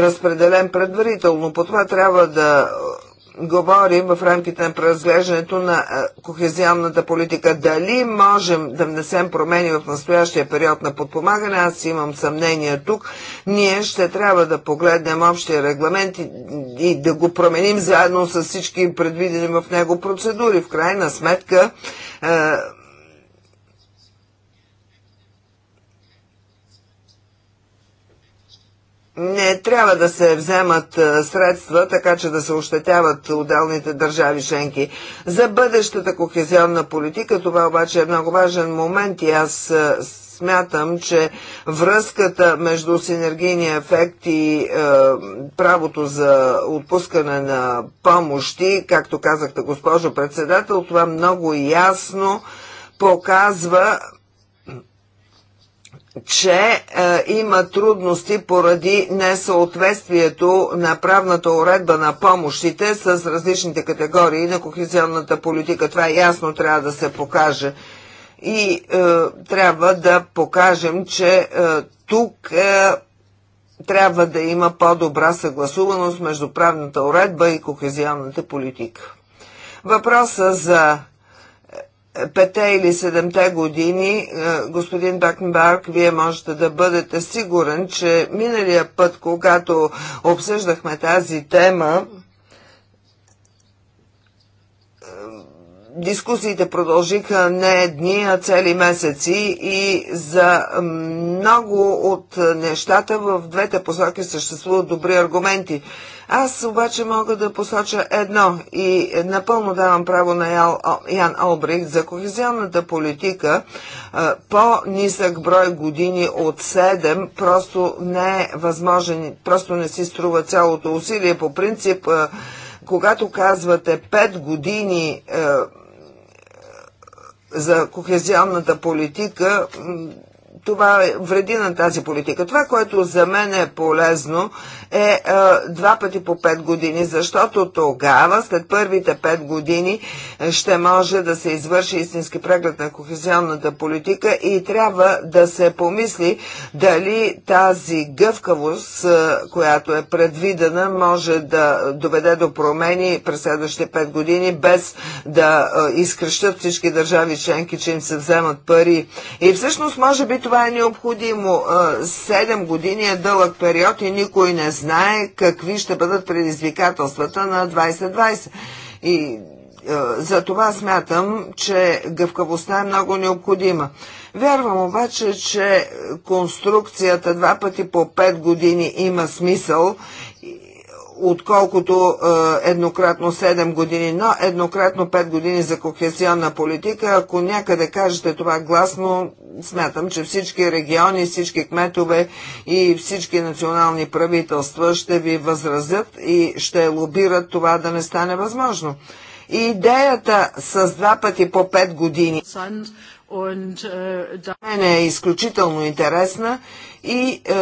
разпределен предварително. По това трябва да говорим в рамките на преразглеждането на е, кохезионната политика. Дали можем да внесем промени в настоящия период на подпомагане? Аз имам съмнение тук. Ние ще трябва да погледнем общия регламент и, и да го променим заедно с всички предвидени в него процедури. В крайна сметка е, не трябва да се вземат средства, така че да се ощетяват отделните държави членки. За бъдещата кохезионна политика това обаче е много важен момент и аз смятам, че връзката между синергийния ефект и е, правото за отпускане на помощи, както казахте госпожо председател, това много ясно показва че е, има трудности поради несъответствието на правната уредба на помощите с различните категории на кохезионната политика. Това ясно трябва да се покаже. И е, трябва да покажем, че е, тук е, трябва да има по-добра съгласуваност между правната уредба и кохезионната политика. Въпроса за пете или седемте години, е, господин Бакенбарк, вие можете да бъдете сигурен, че миналия път, когато обсъждахме тази тема, е, дискусиите продължиха не дни, а цели месеци и за много от нещата в двете посоки съществуват добри аргументи. Аз обаче мога да посоча едно и напълно давам право на Ян Олбрих за кохезионната политика. По-нисък брой години от 7 просто не е възможен, просто не си струва цялото усилие. По принцип, когато казвате 5 години за кохезионната политика, това е вреди на тази политика. Това, което за мен е полезно, е, е два пъти по 5 години, защото тогава, след първите 5 години, е, ще може да се извърши истински преглед на кохезионната политика и трябва да се помисли дали тази гъвкавост, която е предвидена, може да доведе до промени през следващите 5 години, без да изкрещат всички държави членки, че им се вземат пари. И всъщност, може би, това това е необходимо. Седем години е дълъг период и никой не знае какви ще бъдат предизвикателствата на 2020. И за това смятам, че гъвкавостта е много необходима. Вярвам обаче, че конструкцията два пъти по пет години има смисъл отколкото е, еднократно 7 години, но еднократно 5 години за кохезионна политика. Ако някъде кажете това гласно, смятам, че всички региони, всички кметове и всички национални правителства ще ви възразят и ще лобират това да не стане възможно. И идеята с два пъти по 5 години uh, е изключително интересна и е,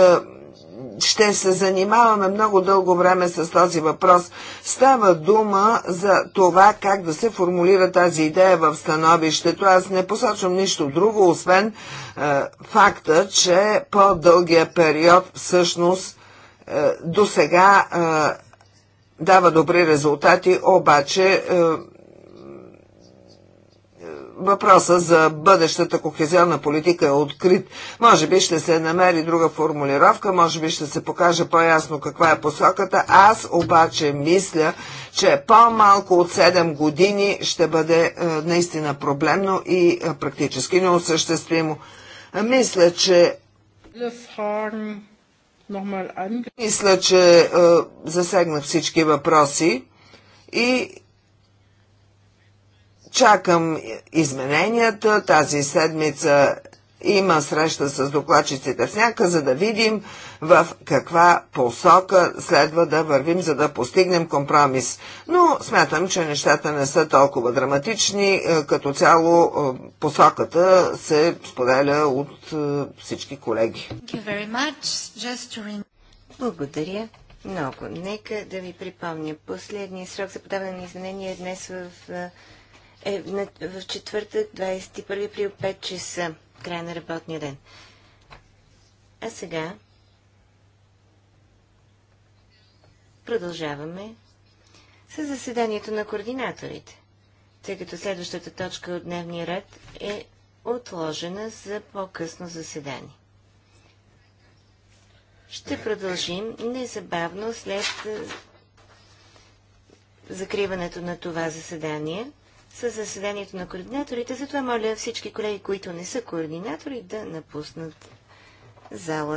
ще се занимаваме много дълго време с този въпрос. Става дума за това как да се формулира тази идея в становището. Аз не посочвам нищо друго, освен е, факта, че по-дългия период всъщност е, до сега е, дава добри резултати, обаче е, въпроса за бъдещата кохезионна политика е открит. Може би ще се намери друга формулировка, може би ще се покаже по-ясно каква е посоката. Аз обаче мисля, че по-малко от 7 години ще бъде е, наистина проблемно и е, практически неосъществимо. Мисля, че мисля, че е, засегна всички въпроси и Чакам измененията. Тази седмица има среща с докладчиците в няка, за да видим в каква посока следва да вървим, за да постигнем компромис. Но смятам, че нещата не са толкова драматични. Е, като цяло е, посоката се споделя от е, всички колеги. Благодаря много. Нека да ви припомня. Последният срок за подаване на изменения е днес в е в четвъртък, 21 април, 5 часа, край на работния ден. А сега продължаваме с заседанието на координаторите, тъй като следващата точка от дневния ред е отложена за по-късно заседание. Ще продължим незабавно след закриването на това заседание с заседанието на координаторите. Затова моля всички колеги, които не са координатори, да напуснат залата.